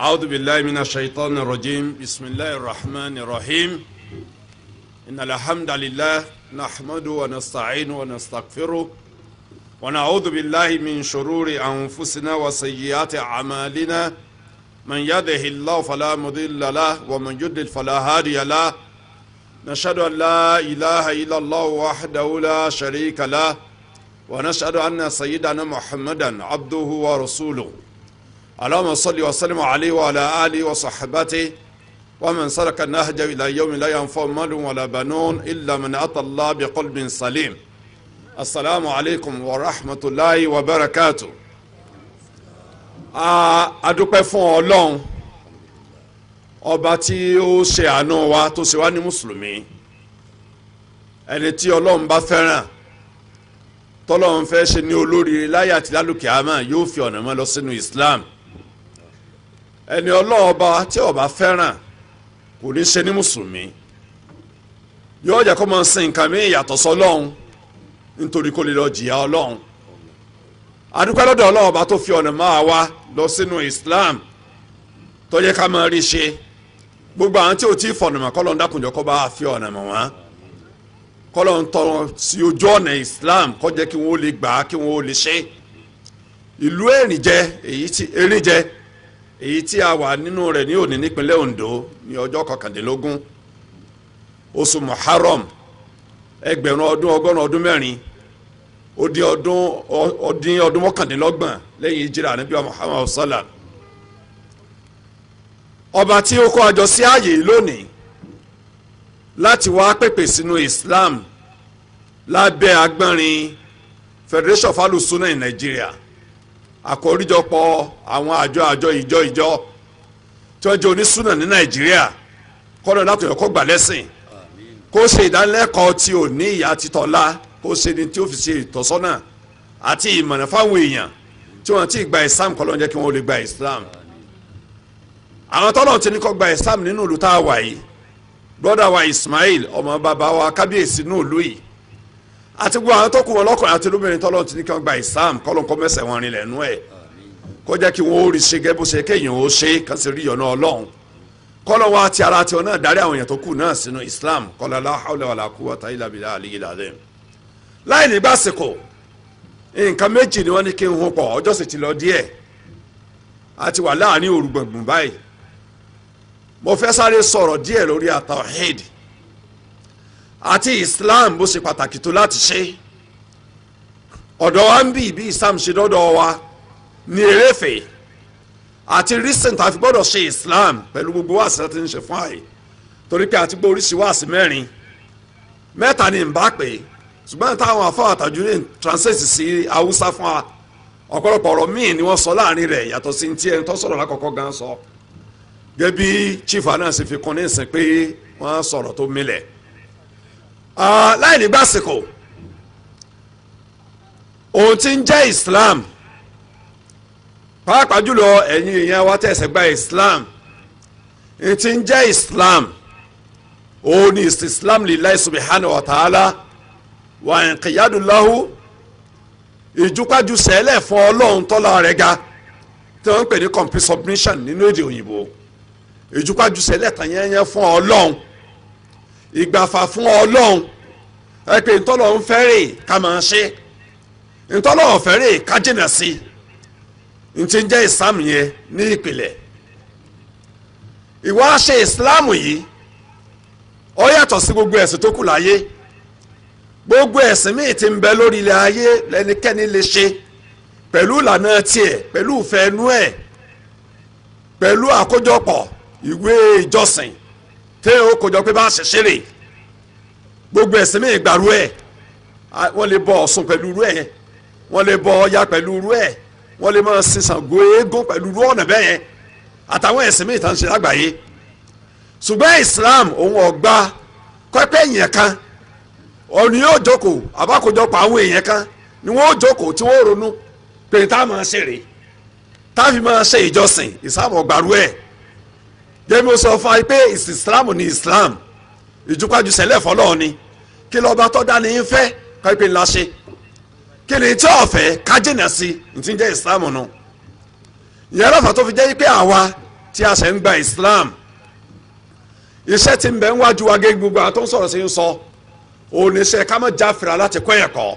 أعوذ بالله من الشيطان الرجيم بسم الله الرحمن الرحيم إن الحمد لله نحمده ونستعينه ونستغفره ونعوذ بالله من شرور أنفسنا وسيئات أعمالنا من يده الله فلا مضل له ومن يضلل فلا هادي له نشهد أن لا إله إلا الله وحده لا شريك له ونشهد أن سيدنا محمدا عبده ورسوله اللهم صل وسلم عليه وعلى آله وصحبته ومن سلك النهج إلى يوم لا ينفع مال ولا بنون إلا من أتى الله بقلب سليم السلام عليكم ورحمة الله وبركاته adúpẹ́ fún ọlọ́run ọba tí ó ṣe àánú wa tó ṣe wá ní mùsùlùmí ẹni tí ọlọ́run bá fẹ́ràn tọ́lọ́run fẹ́ ṣe ní olóríire láyé àti lálùkìá mà yóò fi ọ̀nà mọ́ lọ sínú Islam ẹni ọlọ́run ọba tí ó bá fẹ́ràn kò ní ṣe ní mùsùlùmí yóò jẹ́ kó máa sin nǹkan mi ìyàtọ̀ sọ́lọ́run nítorí kó lè lọ jìyà ọlọ́run adúpẹ́ lọ́dọ̀ ọlọ́run tó fi ọ̀nà máa wá lọ sínú Islam tó yẹ ká máa rí ṣe gbogbo àwọn tí ò tí ì fọ̀nàmọ̀ kọ́lọ́n dákùnjọ́ kó bá fi ọ̀nà mọ̀ wọ́n kọ́lọ́n tọ́ sí ojú ọ̀nà Islam kó jẹ́ kí wọ́n lè gbà á kí wọ́n lè ṣe ìlú èrìjẹ èyí tí èrìjẹ èyí tí a wà nínú rẹ̀ ní òní nípínlẹ̀ Ondo ní ọjọ́ kọkàndínlógún oṣù Muharram ẹgbẹ̀rún ọdún ọgọ́rùn ọdún mẹ́rin ó dín ọdún ọdín ọdún mọ́kàndínlọ́gbọ̀n lẹ́yìn ìjìrà níbi Muhammad sallam ọba tí ó kó àjọ sí ààyè lónìí láti wá pèpè sínú Islam lábẹ́ agbọ́nrin Federation of Alusunna in Nigeria àkóríjọpọ̀ àwọn àjọ àjọ ìjọ ìjọ tí wọ́n jẹ́ onísùnà ní nàìjíríà kọ́dọ̀ láti ọ̀kọ́ gbà lẹ́sìn kó ṣe ìdánilẹ́kọ̀ọ́ tí ò ní ìyá títọ́lá kó ṣe ni tí ó fi ṣe ìtọ́sọ́nà àti ìmọ̀nà fáwọn èèyàn tí wọ́n ti gba islam kọ́ ló ń jẹ́ kí wọ́n lè gba islam àwọn tọ́lọ̀ ti ní kọ́ gba islam nínú ìlú tá a wà yìí brọ́dà wa ismail ọmọ bàbá wa kábíyèsí ní ìlú yìí àti gbogbo àwọn tó kù wọn lọ́kùnrin àti lóbìnrin tọ́lọ́ ti ní kí wọ́n gba islam kọ́lọ́n kọ́ mẹ́sẹ̀ wọn rin lẹ́nu ẹ̀ kó jẹ́ kí wọ́n ó rí ṣe gẹ́gẹ́ bó ṣe kéèyàn ó ṣe kán sì rí ìyọ̀nà ọlọ́run kọ́lọ́n wa ti ara tiwọn náà darí àwọn èèyàn tó kù náà sínú islam kọ́lọ́ la hawla wala quwwata illa billahi aliyyil azim láì ní gbàsíkò nǹkan méjì ni wọ́n ní kí n hun pọ̀ ọjọ́ sì ti lọ díẹ̀ a wà láàrin òru báyìí mo fẹ́ sáré sọ̀rọ̀ díẹ̀ lórí at-tawhid àti islam bó ṣe pàtàkì tó láti ṣe ọ̀dọ̀ wa ń bì bí islam ṣe dọ́dọ̀ wa ní eréfè àti recent àfi gbọ́dọ̀ ṣe islam pẹ̀lú gbogbo wàásì láti ń ṣe fún àyè torí pé àti gbọ́ oríṣi wàásì mẹ́rin mẹ́ta ni ń bá pè ṣùgbọ́n táwọn afáwọn àtàjú ní translate sí haúsá fún wa ọ̀pọ̀lọpọ̀ ọ̀rọ̀ míì ni wọ́n sọ láàrin rẹ̀ yàtọ̀ sí ti ẹni tó sọ̀rọ̀ lákọ̀ọ́kọ́ gan sọ gẹ́gẹ́ bí chief anáà fi kún ní ìsìn pé wọ́n sọ̀rọ̀ tó milẹ̀ Ah, láì ní básìkò òun ti ń jẹ́ Islam pàápàá jùlọ ẹ̀yin èèyàn wa tẹ̀sẹ̀ gba Islam n ti ń jẹ́ Islam òun ni Islam lillahi subhanahu wa ta'ala wa inqiyadulahu ìjúpájú sẹ́lẹ̀ fún ọlọ́run tọ́lá rẹ̀ ga tí wọ́n ń pè ní complete submission nínú èdè òyìnbó ìjúpájú sẹ́lẹ̀ tàn yẹn yẹn fún ọlọ́run ìgbàfà fún ọlọ́run ẹ pé ntọ́lọ̀ ń fẹ́rẹ̀ ká máa ṣe ntọ́lọ̀ ọ̀fẹ́rẹ̀ ká jìnà sí n ti jẹ́ ìsàmù yẹn ní ìpìlẹ̀ ìwà ṣe ìsìláàmù yìí ó yàtọ̀ sí gbogbo ẹ̀sìn tó kù láyé gbogbo ẹ̀sìn míì ti ń bẹ lórí ilẹ̀ ayé lẹ́nikẹ́ni lè ṣe pẹ̀lú ìlànà tiẹ̀ pẹ̀lú ìfẹ́ inú ẹ̀ pẹ̀lú àkójọpọ̀ ìwé ìjọsìn téèyàn ó kojọ pé bá ṣẹṣẹ rè gbogbo ẹ̀sìn mìíràn gbàrú ẹ̀ wọ́n lè bọ Ọ̀ṣun pẹ̀lú irú ẹ̀ wọ́n lè bọ Ọya pẹ̀lú irú ẹ̀ wọ́n lè máa sin Ṣàngó eégún pẹ̀lú irú ọ̀nà bẹ́ẹ̀ àtàwọn ẹ̀sìn mìíràn tán ṣe lágbàáyé ṣùgbọ́n Islam òun ọ̀gbá kọ́pẹ́ èèyàn kan ọ̀nì yóò jókòó àbákòjọpọ̀ àwọn èèyàn kan ni wọ́n ó jókòó tí wọ́n ronú pé táwọn máa ṣe rèé táfi máa ṣe ìjọsìn ìsáàmù ọ̀gbàrú ẹ̀ jẹ́mi ó sọ fún wa pé ìsìlámù ni Islam, ìjùpájú sẹ́lẹ̀ fọlọ́ọ̀ ni kí lọ́ba tó dá ní í fẹ́ ká pé ńlá ṣe kí ni tí ọ̀fẹ́ ká jìnà sí ní ti ń jẹ́ ìsìlámù nù ìyẹn lọ́fà tó fi jẹ́ pé àwa tí a ṣe ń gba ìsìlámù iṣẹ́ tí ń bẹ ń wájú wa gé gbogbo àwọn tó ń sọ̀rọ̀ sí ń sọ oníṣẹ́ ká má jáfìrà láti kọ́ ẹ̀kọ́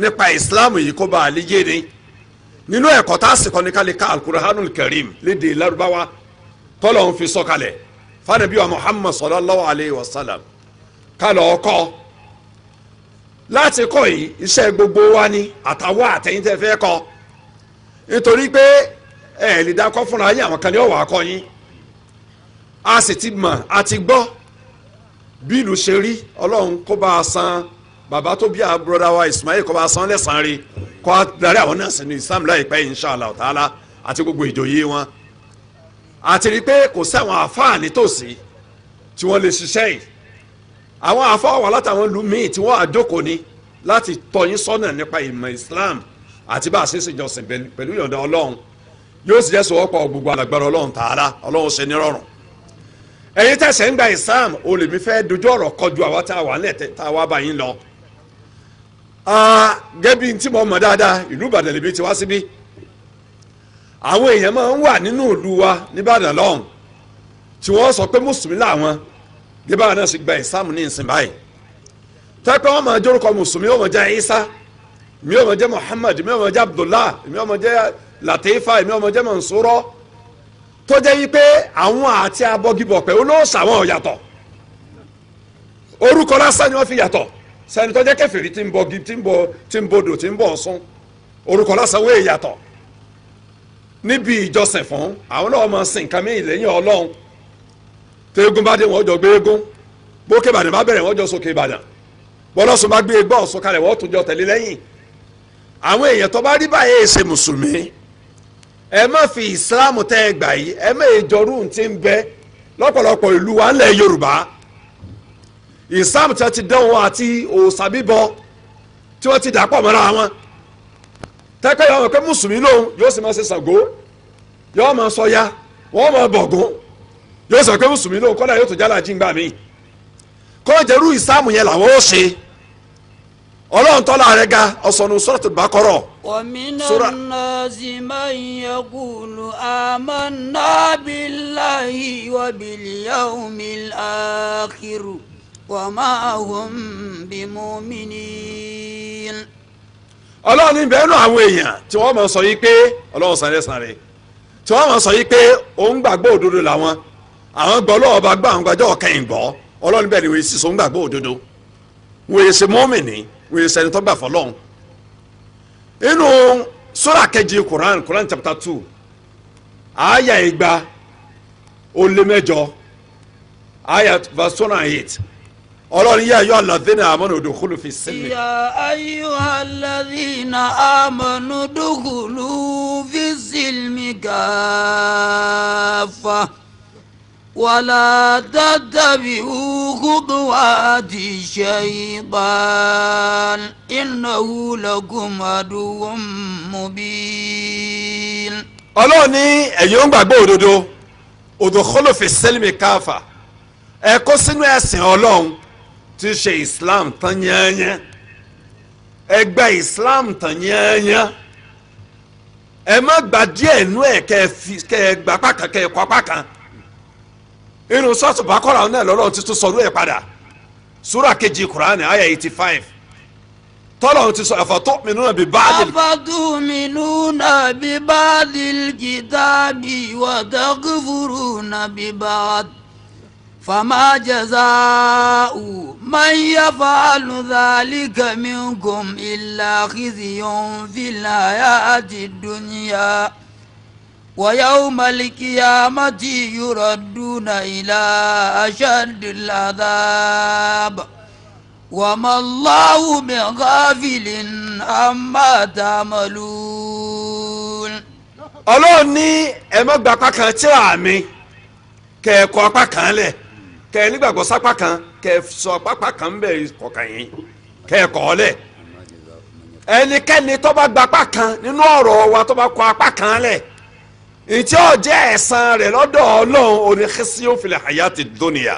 nípa ìsìlámù yìí kó ba àlè yé ni nínú ẹ̀kọ́ tá a sì kọ́ ni ká lè ka alukur'anul karim lédè lárúbáwá tọ́lọ̀ ń fi sọ̀kalẹ̀ fanabi wa muhammad sallallahu alayhi wa sallam kálọ̀ ọkọ́ láti kọ́ yìí iṣẹ́ gbogbo wa ni àtàwọn àtẹ̀yìntẹ́ fẹ́ kọ́ nítorí pé ẹ̀ lè dákọ́ fúnra yín àwọn kan ní ọ̀wọ́ akọ yín a sì ti mọ̀ a ti gbọ́ bí ìlú ṣe rí ọlọ́run kó bá a san bàbá tó bí a broda wa ismail kó bá a san lẹ́sàn-án rí kó a darí àwọn náà sínú islam láìpẹ́ inshallah ta'ala àti gbogbo ìjòyè wọn àti rí i pé kò sáwọn àáfàá nítòsí tí wọ́n lè ṣiṣẹ́ yìí àwọn àáfàá wà látàwọn ìlú míì tí wọ́n àjókòó ni láti tọyín sọ́nà nípa ìmọ̀ Islam àti bá a ṣe ṣèjọsìn pẹ̀lú ìyọ̀ǹda Ọlọ́run yóò sì jẹ́ sọ̀wọ́pọ̀ gbogbo alágbára Ọlọ́run tààrà Ọlọ́run ṣe nírọ̀rùn ẹ̀yin tẹ̀sẹ̀ ń gba Islam olèmí fẹ́ dojú ọ̀rọ̀ kọjú àwa tá a wà nílẹ̀ tá a wá bá yín lọ. Ah, gẹ́bí tí mo mọ̀ dáadáa ìlú Ìbàdàn lèmi ti wá síbí àwọn èèyàn máa ń wà nínú ìlú wa nìbàdàn lọ́hùn tí wọ́n sọ pé mùsùlùmí làwọn bíbá náà sì gba ìsáàmù ní ìsìn báyìí tẹ́pẹ́ wọn máa jórúkọ mùsùlùmí ó máa jẹ́ isa mi ó máa jẹ́ muhammad mi ó máa jẹ́ abdullah mi ó máa jẹ́ latifa mi ó máa jẹ́ mansurọ tó jẹ́ yí pé àwọn àti abọ́gibọ̀pẹ̀ olóòṣà wọn ò yàtọ̀ orúkọ lásán ni wọ́n fi yàtọ̀ sẹ́ni tó jẹ́ kèfèrí tí ń bọ tí ń bọ tí ń bodò tí orúkọ lásán wọ́n èyàtọ̀ níbi ìjọsìn fún àwọn náà máa sin nǹkan mìíràn lẹ́yìn ọlọ́run tẹ́gùn bá dé wọn jọ gbé eégún bókè ìbàdàn bá bẹ̀rẹ̀ wọn jọ sókè ìbàdàn bọ́lọ́sùn bá gbé egbọ́ ọ̀sùn kalẹ̀ wọ́n tún jọ tẹ̀lé lẹ́yìn àwọn èèyàn tó bá rí báyìí ṣe mùsùlùmí ẹ má fi ìsìláàmù tẹ́ ẹ gbà yìí ẹ má ìjọrú ti ń bẹ lọ́pọ̀lọpọ̀ ìlú wa ńlẹ̀ yorùbá ìsìláàmù tí wọ́n ti dánwò àti òòṣà bíbọ tí wọ́n ti dàpọ̀ mọ́ra wọn tẹ́kọ̀ yọ àwọn pé mùsùlùmí lòun yóò sì máa ṣe Ṣàngó yóò máa sọ ya wọ́n máa bọ̀gún yóò sọ pé mùsùlùmí lòun kọ́dà yóò tó jálá jíngbà mi kọ́ jẹ́rú ìsáàmù yẹn làwọn ó ṣe ọlọ́run tọ́lá rẹ̀ ga ọ̀sọ̀nù suratul Baqara. wàmínà nàzí máa ń yaqulu amanna billahi wa bil yawmil akhir wa ma hum bimuminin ọlọ́run ní bẹ́ẹ̀ nù àwọn èèyàn tí wọ́n mọ̀ sọ yìí pé ọlọ́run sàn lẹ́sàn rẹ̀ tí wọ́n mọ̀ sọ yìí pé òun gbàgbọ́ òdodo làwọn àwọn gbọ́ lọ́wọ́ bá gbọ́ àwọn gbàjọ́ kẹ́yìn gbọ́ ọlọ́run bẹ́ẹ̀ ni wọ́n sì sọ́n gbàgbọ́ òdodo wọ́n yẹ ṣe mọ́mìnì wọ́n yẹ sẹ́ni tó gbà fọlọ́run inú sura kejì Quran Quran chapter two àyà ìgbà ó lé mẹ́jọ àyà verse one and eight ọlọ́run yá ayọ́ aládínà àmọ́nà òdòkúlù fi sílẹ̀. ìyá ayọ́ aládínà àmọ́nà òdòkúlù fi sílẹ̀ gáfà wàlá dàdàbí ugudu àti ṣẹ́yìnbán ìnáwó lọ́gùnmọ́dúnwọ́n mọ́bí. ọlọ́run ní ẹ̀yin ń gbàgbọ́ òdodo òdòkúlù fi sílẹ̀ káfà ẹ kó sínú ẹ̀sìn ọlọ́run tí í ṣe islam tán yányán ẹgbẹ́ islam tán yányán ẹ má gba díẹ̀ nú ẹ̀ kẹ́ ẹ fi kẹ́ ẹ gba apá kan kẹ́ ẹ kọ apá kan inú sọ́ọ̀tù bákọ́ra náà lọ́lọ́run ti tún sọ̀rọ̀ ẹ̀ padà súrà kejì kùránì àyà eighty five tọ́lọ̀ ti sọ àfàtọ́ mìíràn bí báàdì. àfàtọ́ mìíràn bí báàdì kìtàbí wàtàkùfùrù nàbí báàdì. فما جزاء من يفعل ذلك منكم إلا خزي في الحياة الدنيا ويوم القيامة يردون إلى أشد العذاب وما الله بغافل عما تعملون ọlọ́run ní ẹ má gba apá kan tíra mi kẹ́ ẹ kọ apá kan lẹ̀ kẹ ẹ nígbàgbọ́ sápá kan kẹ ẹ sọ pápá kan ń bẹ̀ kọ̀ọ̀kan yín kẹ ẹ kọ́ lẹ̀ ẹnikẹ́ni tó bá gba apá kan nínú ọ̀rọ̀ wa tó bá kọ apá kan lẹ̀ ìtí ó jẹ́ ẹ̀san rẹ̀ lọ́dọ̀ ọlọ́run oníkẹ́sí ó filẹ̀ hayati dóníyà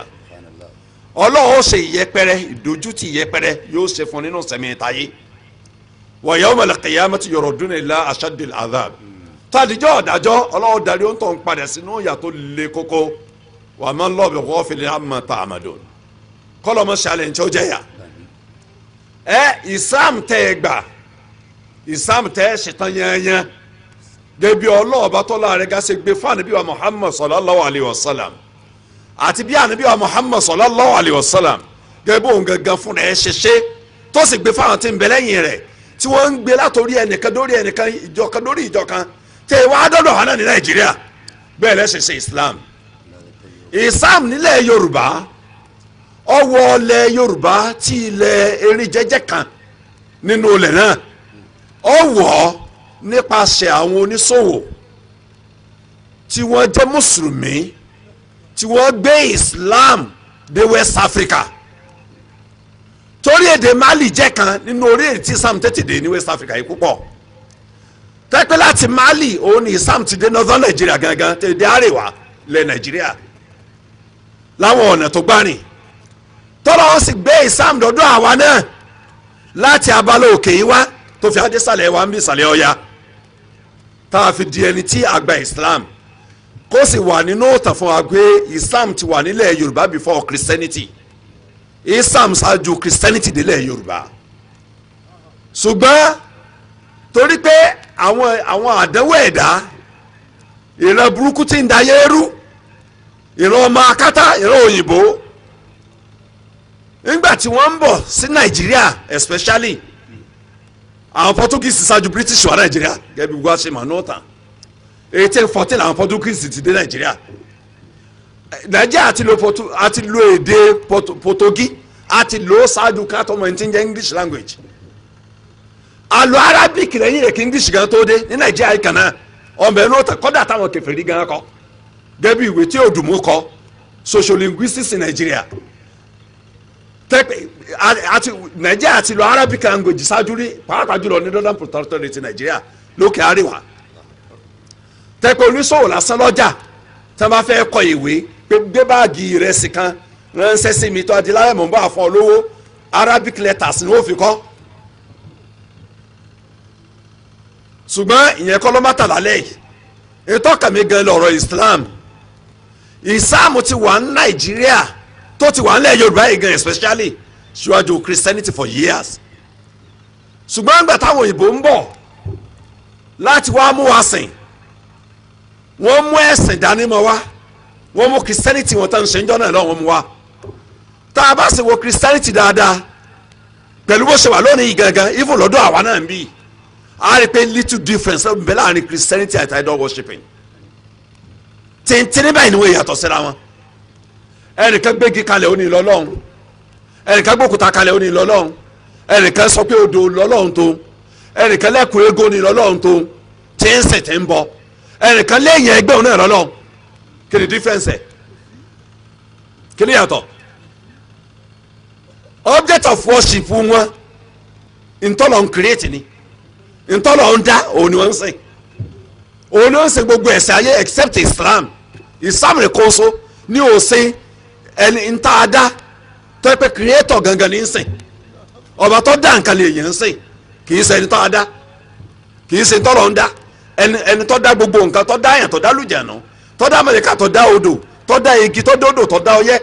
ọlọ́run ó ṣe ìyẹpẹrẹ ìdójútì ìyẹpẹrẹ yóò ṣe fún nínú sẹ̀mí ìtayé wa yawmal qiyamati yuraduna ila ashaddil adhab tàdíjọ́ ọ̀dàjọ́ ọlọ́run darí ó ń tọ̀ ń padà sínú ìyà tó le wà má lọ bí kò fìlẹ̀ àmà tá a ma dùn kọlọ̀ mọ̀ sàlẹ̀ ǹjẹ́ ó jẹ́ yà ẹ ìsàm tẹ́ ẹ gbà ìsàm tẹ́ ẹ ṣetán yẹnyẹn gẹ́bí ọlọ́ọ̀bá tọ́lá rẹ̀ gá ṣe gbé fún ànábì wa Muhammad sallallahu alayhi wa sallam àti bí wa Muhammad sallallahu wa sallam gẹ́bí òun gangan fún rẹ̀ ṣe ṣe tó sì gbé fáwọn tí ń bẹ lẹ́yìn rẹ̀ tí wọ́n ń gbé látòrí ẹnìkan dórí ẹnìkan ìjọkan dórí ìjọkan tẹ̀ wá dọ́dọ̀ hàn ní Nàìjíríà bẹ́ẹ̀ lẹ́sìn ṣe Islam Isam nílẹ̀ yorùbá ọwọ́ ilẹ̀ yorùbá tí ilẹ̀ erin jẹ́jẹ́ kan nínú ilẹ̀ náà ọwọ́ nípasẹ̀ àwọn oníṣòwò tí wọ́n jẹ́ mùsùlùmí tí wọ́n gbé islam dé west africa torí èdè mali jẹ́ kan nínú orí èdè tí islam tètè dé ní west africa yìí púpọ̀ tẹ́pẹ́ láti mali òun ni islam ti dé northern nigeria gangan tètè dé àríwá lẹ̀ nàìjíríà láwọn ọ̀nà tó gbá rìn tọ́lọ́ ó sì gbé ìsáàmù dọ́dọ́ àwa náà láti abala òkè yìí wá tó fi adésàlẹ̀ wa ń bí ìsàlẹ̀ ọ̀ya tá a fi di ẹni tí àgbà Islam kó sì wà nínú òtàn fún wa pé Islam ti wà nílẹ̀ Yorùbá before Christianity Islam ṣáájú Christianity délẹ̀ Yorùbá ṣùgbọ́n torí pé àwọn àwọn àdánwò ẹ̀dá ìran burúkú ti ń da yẹ́rú ìran ọmọ akátá ìran òyìnbó nígbà tí wọ́n ń bọ̀ sí nàìjíríà especially àwọn portuguese ṣáájú british wà nàìjíríà gẹ́gẹ́ bí wọ́n ṣe mọ̀ ní ọ̀tàn eighteen fourteen àwọn portuguese ti dé nàìjíríà nàìjíríà àti lo portu àti lo èdè potogi àti lo ṣáájú kátó mọ̀ ní jẹ́ english language àlọ́ arabic lẹ́yìn rẹ̀ kí english gan tó dé ní nàìjíríà yìí kan náà ọ̀bẹ ní ọ̀tàn kọ́dà táwọn kẹfẹ́ rí gan kọ́ gẹ́bí ìwé tí òdùmú kọ sociolinguistics in Nigeria àti Nigeria ti lo Arabic language ṣáájú rí pàápàá jùlọ ní Northern Protectorate Nigeria lókè àríwá tẹ́pẹ́ oníṣòwò lásán lọ́jà tí wọ́n bá fẹ́ kọ ìwé pé gbé báàgì ìrẹsì kan ránṣẹ́ sí mi tó adiláyẹ̀ mọ̀ ń bá fún ọ lówó Arabic letters ni ó fi kọ́ ṣùgbọ́n ìyẹn kọ́ ló má tà yìí ètò ọkàn gan lọ̀rọ̀ Islam ìsáàmù ti wà ní nàìjíríà tó ti wà nílẹ̀ yorùbá yìí gan especially ṣíwájú christianity for years ṣùgbọ́n àgbà táwọn òyìnbó ń bọ̀ láti wá mú wa sìn wọ́n mú ẹ̀sìn dání mọ́ wa wọ́n mú christianity wọn tó ń ṣe ń jọ́nà lọ́wọ́ mu wa tá a bá sì wo christianity dáadáa pẹ̀lú bó ṣe wà lónìí gangan even lọ́dọ̀ àwa náà ń bí a rí i pé little difference ń bẹ láàrin christianity àti idol worshiping tìǹtìǹ báyìí ni wọ́n yàtọ̀ síra wọn ẹnìkan gbégi kalẹ̀ ó ní ìlọ́lọ́run ẹnìkan gbókúta kalẹ̀ ó ní ìlọ́lọ́run ẹnìkan sọ pé odò lọ́lọ́run tó ẹnìkan lẹ́kùn ego ní ìlọ́lọ́run tó tí ń sìn tí ń bọ ẹnìkan léèyàn ẹgbẹ́ òun náà lọ́lọ́run kí ni difference ẹ̀ kí ni yàtọ̀ object of worship wọn ntọ́lọ̀ ń create ni ntọ́lọ̀ ń dá òun ni wọ́n ń sìn òun ló ń ṣe gbogbo ẹ̀sìn ayé except islam islam nìkan so ní òsín ẹni ń a dá tó yẹ pé creator gangan ní í sìn ọba tó dá nǹkan lè yẹn ń sìn kì í ṣe ẹni tó a dá kì í ṣe tọ́lọ̀ ń dá ẹni tó dá gbogbo nǹkan tó dá yẹn tó dá lùjànà tó dá mẹ̀lẹ́kà tó dá odò tó dá igi tó dódò tó dá ọyẹ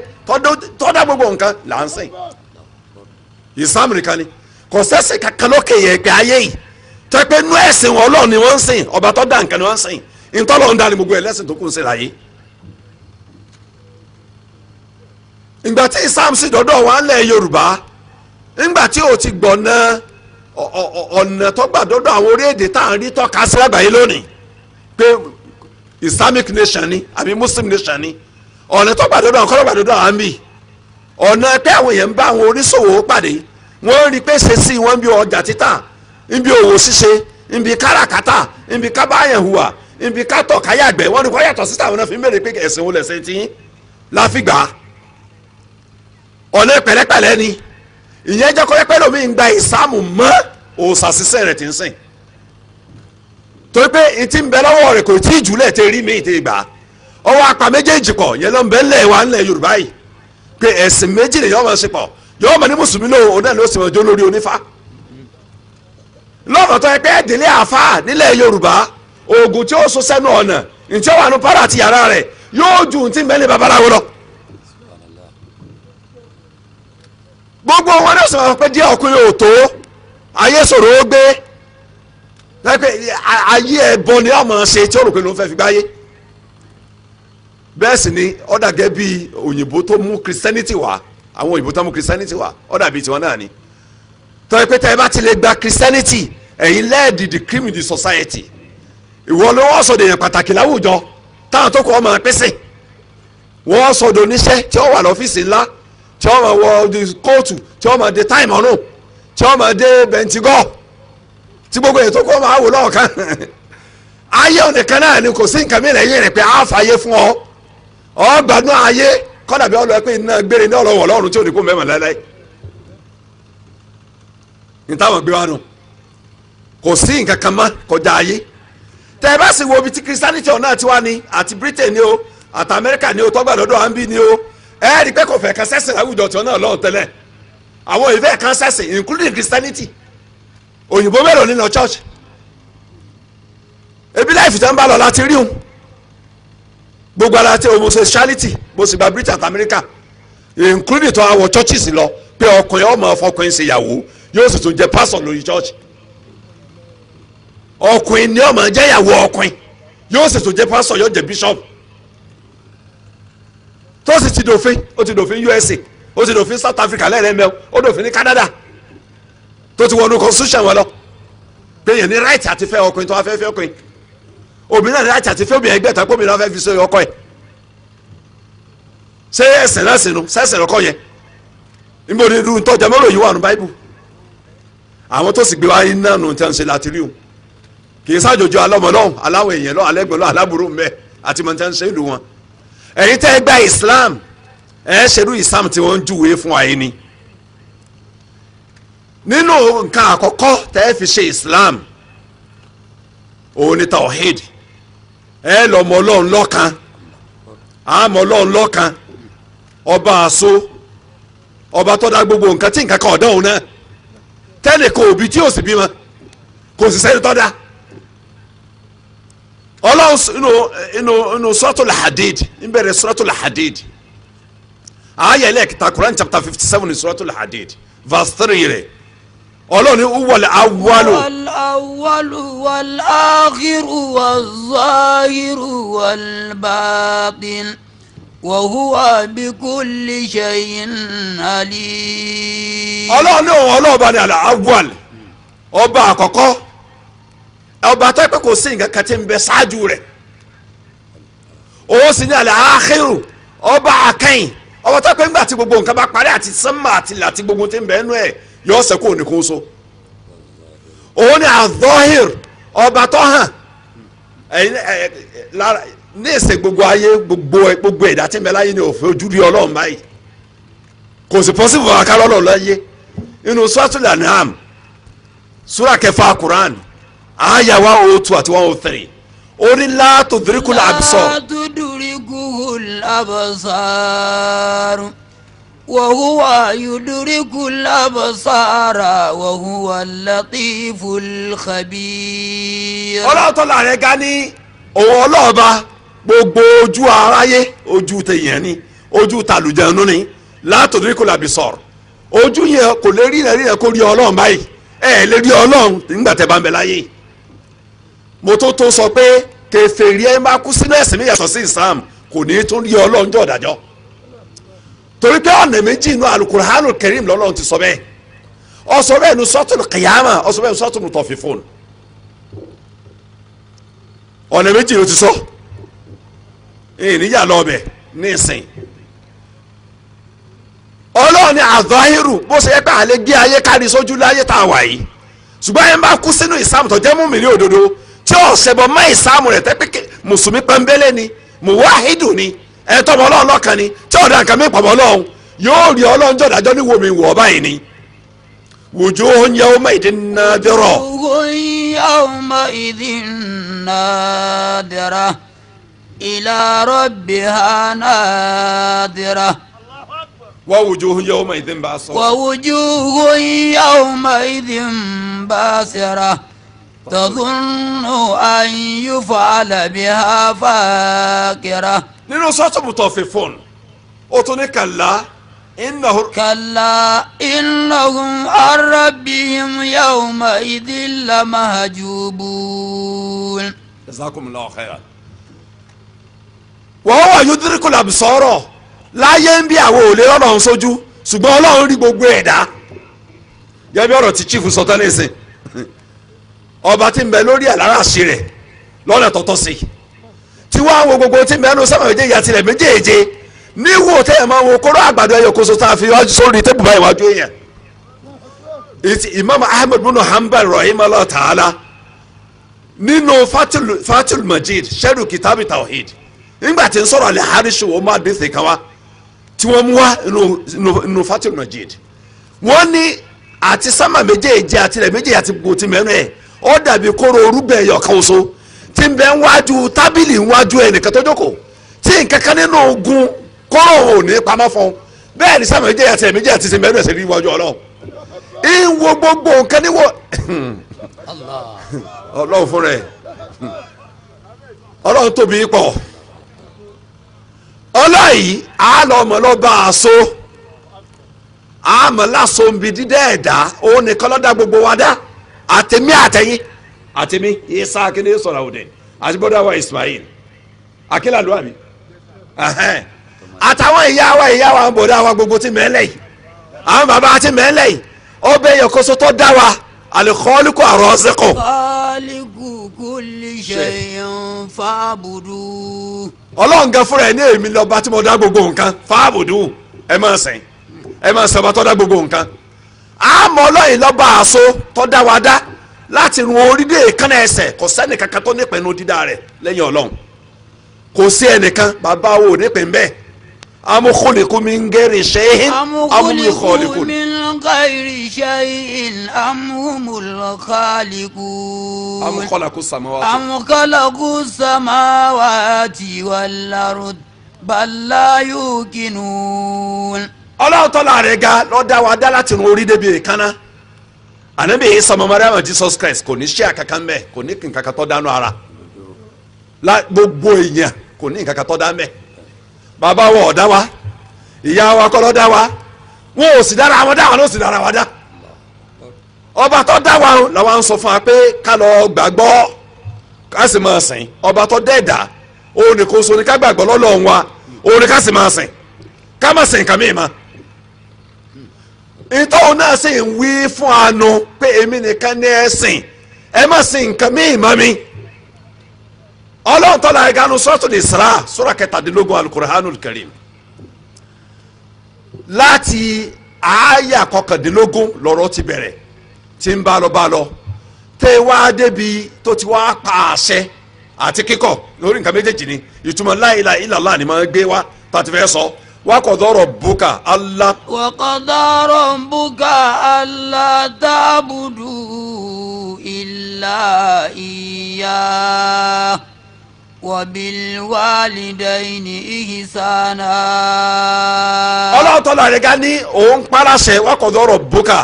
tó dá gbogbo nǹkan là ń sìn islam nìkan ni kò sẹ́sìn kankan lókè yẹ pé ayé yìí tẹ́pẹ́ nú ẹ̀sìn wọn ọlọ́run ni wọ́n ń sìn ọba tó dá nǹkan ni wọ́n ń sìn ìtọ́lọ́run dá ní gbogbo ẹ̀ lẹ́sìn tó kù ń sìn láyé. ìgbà tí islam sì dọ́dọ̀ wà lẹ̀ yorùbá ìgbà tí o ti gbọ̀nà ọ̀nà tó gbà dọ́dọ̀ àwọn orílẹ̀-èdè tá à ń rí tọ́ka sí àgbáyé lónìí pé islamic nation ni àbí muslim nation ni ọ̀nà tó gbà dọ́dọ̀ àwọn kọ́lọ́gbà dọ́dọ̀ àwọn bíi ọ̀nà pé àwọn èèyàn ń bá àwọn oníṣòwò pàdé wọ́n rí pé sí wọn bí ọjà títà níbi òwò ṣíṣe níbi káràkátà níbi kábàáyàn hùwà níbi kátọ̀ káyàgbẹ́ wọ́n ní kọ́ yàtọ̀ síta àwọn náà fi ń bèrè pé ẹ̀sìn wo lẹ̀sìn tí láfìgbà ọ̀lẹ́ pẹ̀lẹ́pẹ̀lẹ́ ni ìyẹn jẹ́ kọ́ yẹ́pẹ́ lómi ń gba ìsáàmù mọ́ òòsà ṣiṣẹ́ rẹ̀ ti ń sìn torí pé n ti ń bẹ lọ́wọ́ rẹ̀ kò tí ì jùlẹ̀ tẹ́ rí mi ìtẹ́ ìgbà ọwọ́ apá méjèèjì pọ̀ yẹn ló ń bẹ ńlẹ̀ wa ńlẹ̀ Yorùbá yìí pé ẹ̀sìn méjì lè yọ́ wọn ṣe pọ̀ yọ́ wọn ní mùsùlùmí lóhùn òun náà ló sì mọ̀ lórí onífà lọ́nà tó yẹ pé ìdílé àáfàá nílẹ̀ yorùbá oògùn tí ó so sẹ́nu ọ̀nà ntí wà ní para àti yàrá rẹ̀ yóò ju ntí mẹ́lẹ̀ babaláwo lọ. gbogbo wọn ní sọ̀rọ̀ pé díẹ̀ ọkùnrin ò tó ayé ó gbé ayé ni ọmọ ṣe tí bẹ́ẹ̀ sì ni bí òyìnbó tó mú wá àwọn tọ́yẹ pé tẹ́yẹ bá ti lè gba christianity ẹ̀yin lẹ́ẹ̀dì the cream in the society ìwọ ló wọ́n sọ̀dọ̀ èèyàn pàtàkì láwùjọ táwọn tó kọ́ ọmọ pèsè wọ́n sọ̀dọ̀ oníṣẹ́ tí ó wà lọ́fíìsì ńlá tí ó máa wọ kóòtù tí ó máa de táìmù ọ̀run tí ó máa de bẹ̀ntigọ́ tí gbogbo èyí tó kọ́ máa wò lọ́ọ̀kan ayé ònìkan náà ni kò sí nǹkan mìíràn yìí rìn pé á fàyè fún ọ ọ gbádùn ayé kọ́dà bí ọlọ́ọ̀ pé iná gbére ní ọlọ́wọ̀ ọlọ́run tí ò ní kó mẹ́mọ̀ láéláé ní táwọn gbé wa nù kò sí nǹkan kan mọ́ kọjá ayé tẹ ẹ bá sì wo ibi tí christianity ọ̀nà ti wá ni àti britain ni o àti america ni o tọ́gbà lọ́dọ̀ à ń bí ni o ẹ rí i pé kò fẹ́ kan sẹ́sìn láwùjọ tí ọ̀nà ọlọ́run tẹ́lẹ̀ àwọn ìfẹ́ kan sẹ́sìn including christianity òyìnbó mélòó nínú church ebi láì fìtẹ́ ń bá lọ láti rí un gbogbo ara ti homosexuality bó sì gba britain àti america including tó àwọn churches lọ pé ọkùnrin ọmọ ọfọkùnrin ṣèyàwó yóò sì tún jẹ́ pásọ̀ lórí chọ́ọ̀chì ọkùnrin ni ọmọ jẹ́ ìyàwó ọkùnrin yóò sì tún jẹ́ pásọ̀ yóò jẹ́ bishop tó sì ti dòfin ó ti dòfin USA ó ti dòfin South Africa lẹ́ẹ̀rẹ́mẹ́ ó dòfin ní Canada tó ti wọnú constitution wọn lọ pé yẹn ní right àti fẹ́ ọkùnrin tó wá fẹ́ fẹ́ ọkùnrin obìnrin náà right àti fẹ́ obìnrin ẹgbẹ́ tàbí obìnrin náà fẹ́ fi sórí ọkọ ẹ̀ ṣé ẹsẹ̀ náà sínú sẹ́sẹ̀ lọ́kọ yẹn níbo ni irú tọ́jà mọ́rọ̀ yìí wà nù Bible àwọn tó sì gbé wáyé náà nù tí wọ́n ń ṣe láti rí òun kì í sájòjò alọ́mọlọ́hùn aláwọ̀ èèyàn lọ́hùn alẹ́gbẹ̀lọ́ aláburú mbẹ́ àti mọ̀ tí ń ṣe ìlú wọn. ẹ̀yin tẹ́ ẹ gba Islam ẹ ṣerú Islam tí wọ́n ń júwèé fún wa ni. nínú nǹkan àkọ́kọ́ tẹ́ fi ṣe Islam òun ni tawhid ẹ lọ́mọ Ọlọ́run lọ́kan àmọ́ Ọlọ́run lọ́kan ọba àṣọ ọba tó dá gbogbo nǹkan tí nǹkan kan ọ̀dọ́ tẹ́nìkan òbí tí yóò sì bímọ kò sì sẹ́ni tọ́ da ọlọ́run inú inú inú suratul hadid nbẹ̀rẹ̀ suratul hadid ayẹlẹ ẹ̀kẹta Quran chapter fifty seven suratul hadid verse three rẹ̀ ọlọ́run ní wal awwalu. wal awwalu wal akhiru wal zahiru batin wàhúwà bí kò lè ṣe ìnáli. ọlọ́run ní òun ọlọ́ọ̀ba ni al-awwal ọba àkọ́kọ́ ọba tó pé kò sí nǹkan kan tí ń bẹ ṣáájú rẹ̀ òun sì ní al-akhiru ọba àkẹ́yìn ọba tó pé ńgbà tí gbogbo nǹkan bá parí àti sánmà àti ilẹ̀ gbogbo tí ń bẹ ẹnu ẹ̀ yọ sẹ́kù òní òun ni al ọba tó hàn ní èsè gbogbo ayé gbogbo gbogbo ẹ̀dá tí ń bẹ láyé ni òfin ojú rí ọlọ́run báyìí kò sì pọ́sibú àkàrọ̀ ọlọ́run láyé inú suratul anam sura kẹfà quran aya one o oh two àti one o oh three ó ní la tudrikul absar. la tudrikul absar wa huwa yudrikul absar wa huwa latiful khabir. ọlọ́tọ̀ làrẹ̀ ga ní òun ọlọ́ọ̀ba gbogbo ojú aráyé ojú tèèyàn ni ojú tàlùjẹ̀nu ni látòdúrí kò làbí sọ̀rọ̀ ojú yẹn kò lè rí yẹn rí yẹn kó rí ọlọ́run báyìí ẹ lè rí ọlọ́run nígbà tẹ́ bá ń bẹ láyé mo tó tó sọ pé kèfèrí ẹ máa kú sínú ẹ̀sìn mi yàtọ̀ sí Islam kò ní tún rí ọlọ́run jọ dájọ́ torí pé ọ̀nà méjì inú Al-Qur'anul Karim lọ́lọ́run ti sọ bẹ́ẹ̀ ó bẹ́ẹ̀ nu sọ́tùnù Qiyamah ó bẹ́ẹ̀ nu sọ́tùnù tọ̀fífún ọ̀nà méjì ló ti sọ. So ìníjà ní ìsìn ọlọ́run ni àdọ́hírù bó ṣe yẹ pé àlẹ́ gé ayé kárí sójú láyé tá a wà yìí ṣùgbọ́n ẹ ń bá kú sínú ìsáàmù tó jẹ́ múmi ní òdodo tí ó ṣẹbọ ìsáàmù rẹ̀ tẹ́ pé ni mùwáhídù ni ni tí ọ̀dà nǹkan mi ọlọ́run yóò rí wọ̀ báyìí ni إلى ربها نادرة ووجوه يومئذ باسرة ووجوه يومئذ باسرة تظن أن يفعل بها فاكرة نينو ساتو متوففون أوتوني كلا إنه كلا إنهم عن ربهم يومئذ لمهجوبون جزاكم الله خيرا wọ́n wà yudrikul absara láyé ń bí àwọn òòlè ọlọ́run sójú ṣùgbọ́n ọlọ́run rí gbogbo ẹ̀dá gẹ́gẹ́ bí ọ̀rọ̀ tí chief sọ tán nísìn ọba tí ń bẹ lórí àláràṣe rẹ̀ lọ́nà tọ́tọ́ sí tí wọ́n á wo gbogbo tí ń bẹ ẹnu sẹ́wọ̀n méjèèjì àti ilẹ̀ méjèèjì níwò tẹ́ ẹ̀ máa wo kóró àgbàdo ẹyọ kóso tá a fi sórí tébù báyìí wájú èèyàn imam ahmed bin hanbal rahimahullah ta'ala nínú fatul majid sheru kitabi tawhid nígbà tí ń sọ̀rọ̀ alẹ́ ma wa tí wọ́n wa nù fatil majid ni ati sama sámà méjèèjì ati rẹ̀ méjèèjì àti gbòtì mẹ́rin ẹ̀ ó dàbí kóró orúbẹ̀ ẹ̀yọ̀ kan oṣù tí ń nwaju wájú ogun kóró ni sámà méjèèjì àti gbogbo ọlọ́yìí a lọ mọ̀ lọ bá a so a mọ̀ láso nbí dídẹ́ ẹ̀dá òun nìkan lọ́dà gbogbo wa dá àtẹ̀mí àtẹ̀yìn àtẹ̀mí isa akíndé sọ̀rọ̀ òde àti bọ́dọ̀ wa Ismail akílà ló wà àtàwọn ìyá wa ìyá wa ń bọ̀dọ̀ wa gbogbo ti mẹ́lẹ̀ yìí àwọn bàbá ti mẹ́lẹ̀ yìí ọbẹ̀ yẹn kóso tó dá wa alikọ́ọ́lùkọ́ àrọ́ọ́sẹ́kọ̀. kọ́ọ́lù kùkù lè ṣe é ọlọ́run gan fúnra ẹ̀ ní èmi lọ́ba tí mo dá gbogbo nǹkan fáàbùdù ẹ máa sìn ẹ máa sìn ọba tó dá gbogbo nǹkan àmọ́ ọlọ́run lọ́ba àṣọ tó dá wa dá láti run orí dé ẹsẹ̀ kò sẹ́ni tó nípẹ̀ dídá rẹ̀ lẹ́yìn ọlọ́run kò sí ẹnìkan bàbá wo nípẹ̀ bẹ́ẹ̀ amu khuliqu min ghairi shay'in am yukhaliqun min ghairi shay'in am humul khaliqun am khalaqu samawati am khalaqu samawati wal ard bal la yuqinun Ọlọ́run tọ́lá rẹ̀ ga ló dá wa dá láti rún orí débi èékánná ànábì yìí sọmọ mariam jesus christ kò ní ṣíà kankan mẹ́ kò ní kankan tó dánú ara gbogbo èèyàn kò ní kankan tó dá mẹ́ bàbá wa ọ̀dá wa ìyá wa kọ́ ló dá wa wọn ò sì dára wọn dá wọn ló sì dára wọn dá ọba tó dá wa làwọn ń sọ fún wa pé ká lọ gbàgbọ́ ká sì máa sìn ọba tó dẹ́ẹ̀dá òun ni kò so ni ká gbàgbọ́ lọ́lọ́run wa òun ni ká sì máa sìn ká má sìn kàmí ma ìtọ́wò náà sì ń wí fún àánú pé èmi nìkan ní ẹ sìn ẹ má sìn kàmí ma mi. Mm ọlọ́run tọ́lá ẹ̀ka nu sọ́tún Isra sura kẹtàdínlógún alukur'anul karim láti àáyà kọkàndínlógún lọ́rọ̀ ti bẹ̀rẹ̀ tí ń bá lọ bá lọ tẹ́ wá débi tó ti wá pa àṣẹ àti kíkọ̀ lórí nǹkan méjèèjì ni ìtumọ̀ la ilaha ni máa gbé wá tàti fẹ́ sọ wakọ̀dọ̀ rabbuka Allah. wakọ̀dọ̀ rabbuka Allah ta'budu illa iya wàbíwálìdẹ́yìnì ìhìsánà. ọlọ́run tọ́lá rẹ̀ ga ní òun paláṣẹ wákọ̀dọ̀rọ̀ bùkà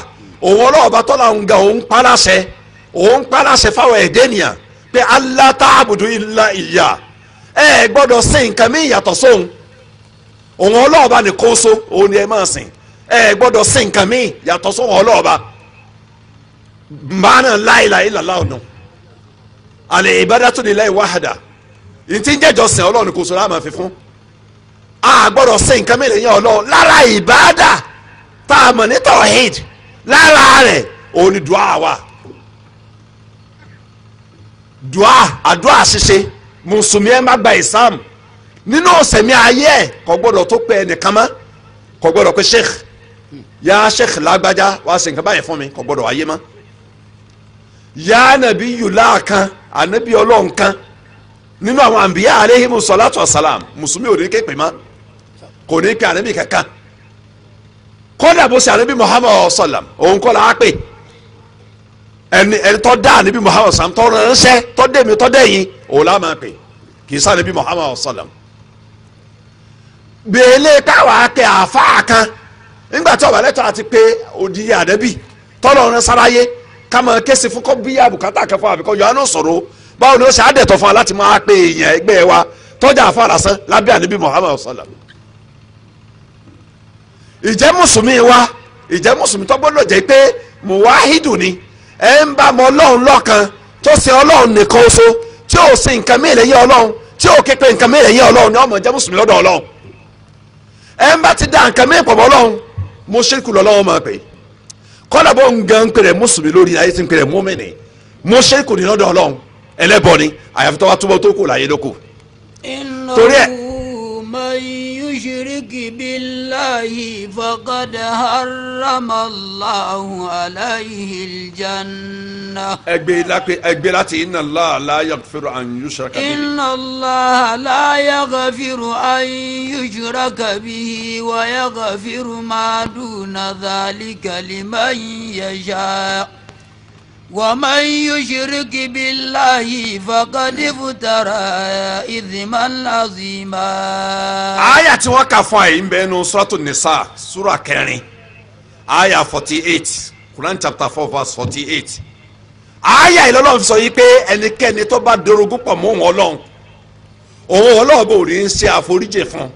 òun ọlọ́ọ̀bá tọ́lá ń ga òun paláṣẹ òun paláṣẹ fáwọn ẹ̀dẹ́nìyàn pé Allah ta'budu illa iya ẹ gbọ́dọ̀ sìn nǹkan mí ìyàtọ̀ sóhun òun ọlọ́ọ̀bá ní kóso òun ni ẹ máa sìn ẹ gbọ́dọ̀ sìn nǹkan mí ìyàtọ̀ sóhun ọlọ́ọ̀bá mbàánà la ilaha illallah ọ̀nà al ibadatu lillahi wahda ntí ń jẹ́jọ́ sìn ọlọ́run kò sọ̀rọ̀ àmọ́ fífún a gbọ́dọ̀ sìn nǹkan mìíràn yẹn ọlọ́run lára ìbáàdà tá a mọ̀ ní tọ̀hìd lára rẹ̀ òun ni dùá wà dùá àdúrà ṣíṣe mùsùlùmí ẹ má gba ìsám nínú ọ̀sẹ̀mí ayé ẹ̀ kò gbọ́dọ̀ tó pé ẹnìkan mọ́ kò gbọ́dọ̀ pé sheikh ya sheikh lágbájá wá sí nǹkan báyìí fún mi kò gbọ́dọ̀ ayé mọ́ ya nàbí yùlá kan ànábì ọlọ́run kan nínú àwọn àǹbíyá aléhìmù sọlátù ọ̀sálàm mùsùlùmí ò ní képe mọ́ kò ní pe ànábì kankan kódà bó ṣe ànábì muhammad ọ̀sálàm òun kọ́ la á pè ẹni ẹni tọ́ dá ànábì muhammad ọ̀sálàm tọ́ ránṣẹ́ tọ́ dẹ̀mí tọ́ dẹ̀yìn òun la máa pè kì í sá ànábì muhammad ọ̀sálàm. gbèlè káwa pé àáfàá kan nígbà tí ọ̀bà lẹ́tọ̀ àti pé òdìyẹ ànábì tọ́lọ̀ rán sáráyé ká máa ké fún kọ́ bíyà bùkátà kẹfọ́ àbíkọ́ yọ báwo ni ó ṣe àdẹ̀tọ̀ fún wa láti máa pe èèyàn ẹgbẹ́ wa tọ́jà àfàlàsán lábẹ́ àníbí Muhammad sallam ìjẹ́ mùsùlùmí wa ìjẹ́ mùsùlùmí tó gbọ́dọ̀ jẹ́ pé muwahidu ni ẹ ń bá mọ ọlọ́run lọ́kan tó ṣe ọlọ́run nìkan oṣo tí ò ṣe nǹkan mìíràn yẹ ọlọ́run tí ò képe nǹkan mìíràn yẹ ọlọ́run ni ọmọ ìjẹ́ mùsùlùmí lọ́dọ̀ ọlọ́run ẹ ń bá ti da nǹkan mìíràn pọ̀ ọlọ́run mo ṣe kú lọ́wọ́ máa pè kọ́dà bó ń gan pèrè mùsùlùmí lórí ayé ti ń pèrè mùmínì mo ṣe kú ní lọ́dọ̀ ọlọ́run ẹlẹ́bọ ni àyàfi tọ́wọ́ túbọ̀ tó kù láyé lóko. torí ẹ. man yushrik billahi faqad harrama Allahu alayhi al-jannah. ẹgbẹ́ lápẹ́ ẹgbẹ́ láti inna Allah la an yushraka bihi. inna Allah la an yushraka bihi wa yaghfiru ma duna dhalika liman yasha'. ومن يشرك بالله فقد افترى إثما عظيما. àyà tí wọ́n kà fún àyè ń bẹ nínú sọ́tò forty eight Quran chapter four verse forty eight àyà ìlọ́lọ́run sọ yìí pé ẹnikẹ́ni tó bá dorogún pọ̀ mọ́ òun ọlọ́run òun ọlọ́run bò rí ń ṣe àforíjì fún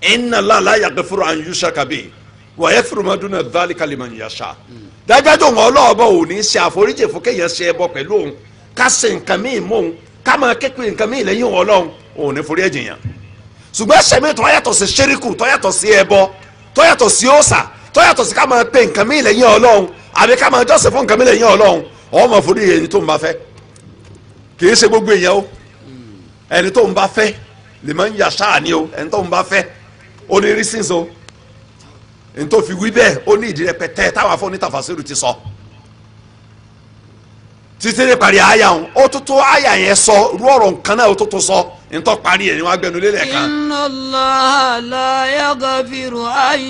inna Allah la yaghfiru an yushraka bihi wa yaghfiru ma duna dhalika Mm dájọ́jọ́ òun ọlọ́ọ̀bọ̀ ò ní ṣe àforíjì fún kéèyàn ṣe ẹbọ pẹ̀lú òun ká ṣe nǹkan míì mọ́ òun ká máa képe nǹkan míì lẹ́yìn òun ọlọ́run òun ní forí ẹ̀jìn yàn ṣùgbọ́n ẹ̀ṣẹ̀ mi tó yàtọ̀ sí ṣẹ́ríkù tó yàtọ̀ sí ẹbọ tó yàtọ̀ sí òòṣà tó yàtọ̀ sí ká máa pe nǹkan míì lẹ́yìn ọlọ́run àbí ká máa jọ́sìn fún nǹkan míì lẹ́yìn ọlọ́run ó máa forí ẹni tó ń bá fẹ́ kì í ṣe gbogbo èèyàn o ẹni tó ń bá fẹ́ lè máa ń yà ṣáà ni o ẹni tó ń bá fẹ́ onírísìnsìn o ntọ́ fi wí bẹ́ẹ̀ ó ní ìdí rẹpẹtẹ táwọn afọ ní tàfàṣírù ti sọ títí ní parí àyà òun ó tó tó àyà yẹn sọ rú ọ̀rọ̀ nǹkan náà ó tó tó sọ ntọ́ parí ẹ̀ ni wọ́n á gbẹnu lélẹ̀ kan. inna Allaha la yaghfiru an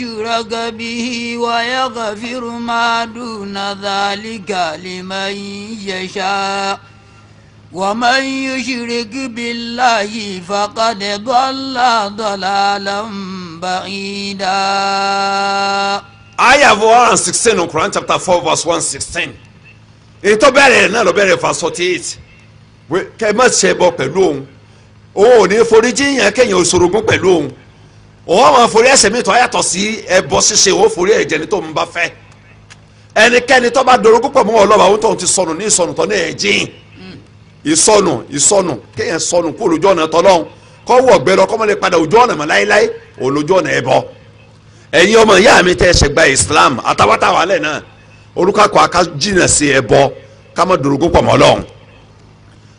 yushraka bihi wa yaghfiru ma duna dhalika liman yasha. ومن يشرك بالله فقد ضل ضلالا بعيدا Aya 116 in Quran chapter 4 verse 116. Ètò bẹ̀rẹ̀ náà lọ bẹ̀rẹ̀ verse 48. Kẹ́ ẹ má ṣe bọ pẹ̀lú òun. Òun ò ní forí jíyàn kẹ́yìn òṣòrògùn pẹ̀lú òun. Òun àwọn forí ẹ̀ṣẹ̀ mi tó yàtọ̀ sí ẹbọ ṣíṣe òun forí ẹ̀jẹ̀ ní tó ń bá fẹ́. Ẹnikẹ́ni tó bá dorogún pọ̀ mọ́ ọlọ́ba òun tó ń ti sọnù ní ìsọnù tó ní ẹ̀jìn ìsọnù ìsọnù kéèyàn sọnù kó lójú ọ̀nà tọ́lọ́hún kọ́ wọ̀ gbẹ lọ kọ́mọ́ lè padà ojú ọ̀nà mọ́ láéláé òun lójú ọ̀nà ẹbọ ẹ̀yin ọmọ ìyá mi tẹ́ ẹ gba Islam àtàwátà wà lẹ̀ náà olùkàkọ́ aká jìnnà sí ẹbọ ká má dòrógó pọ̀ mọ́ lọ́hún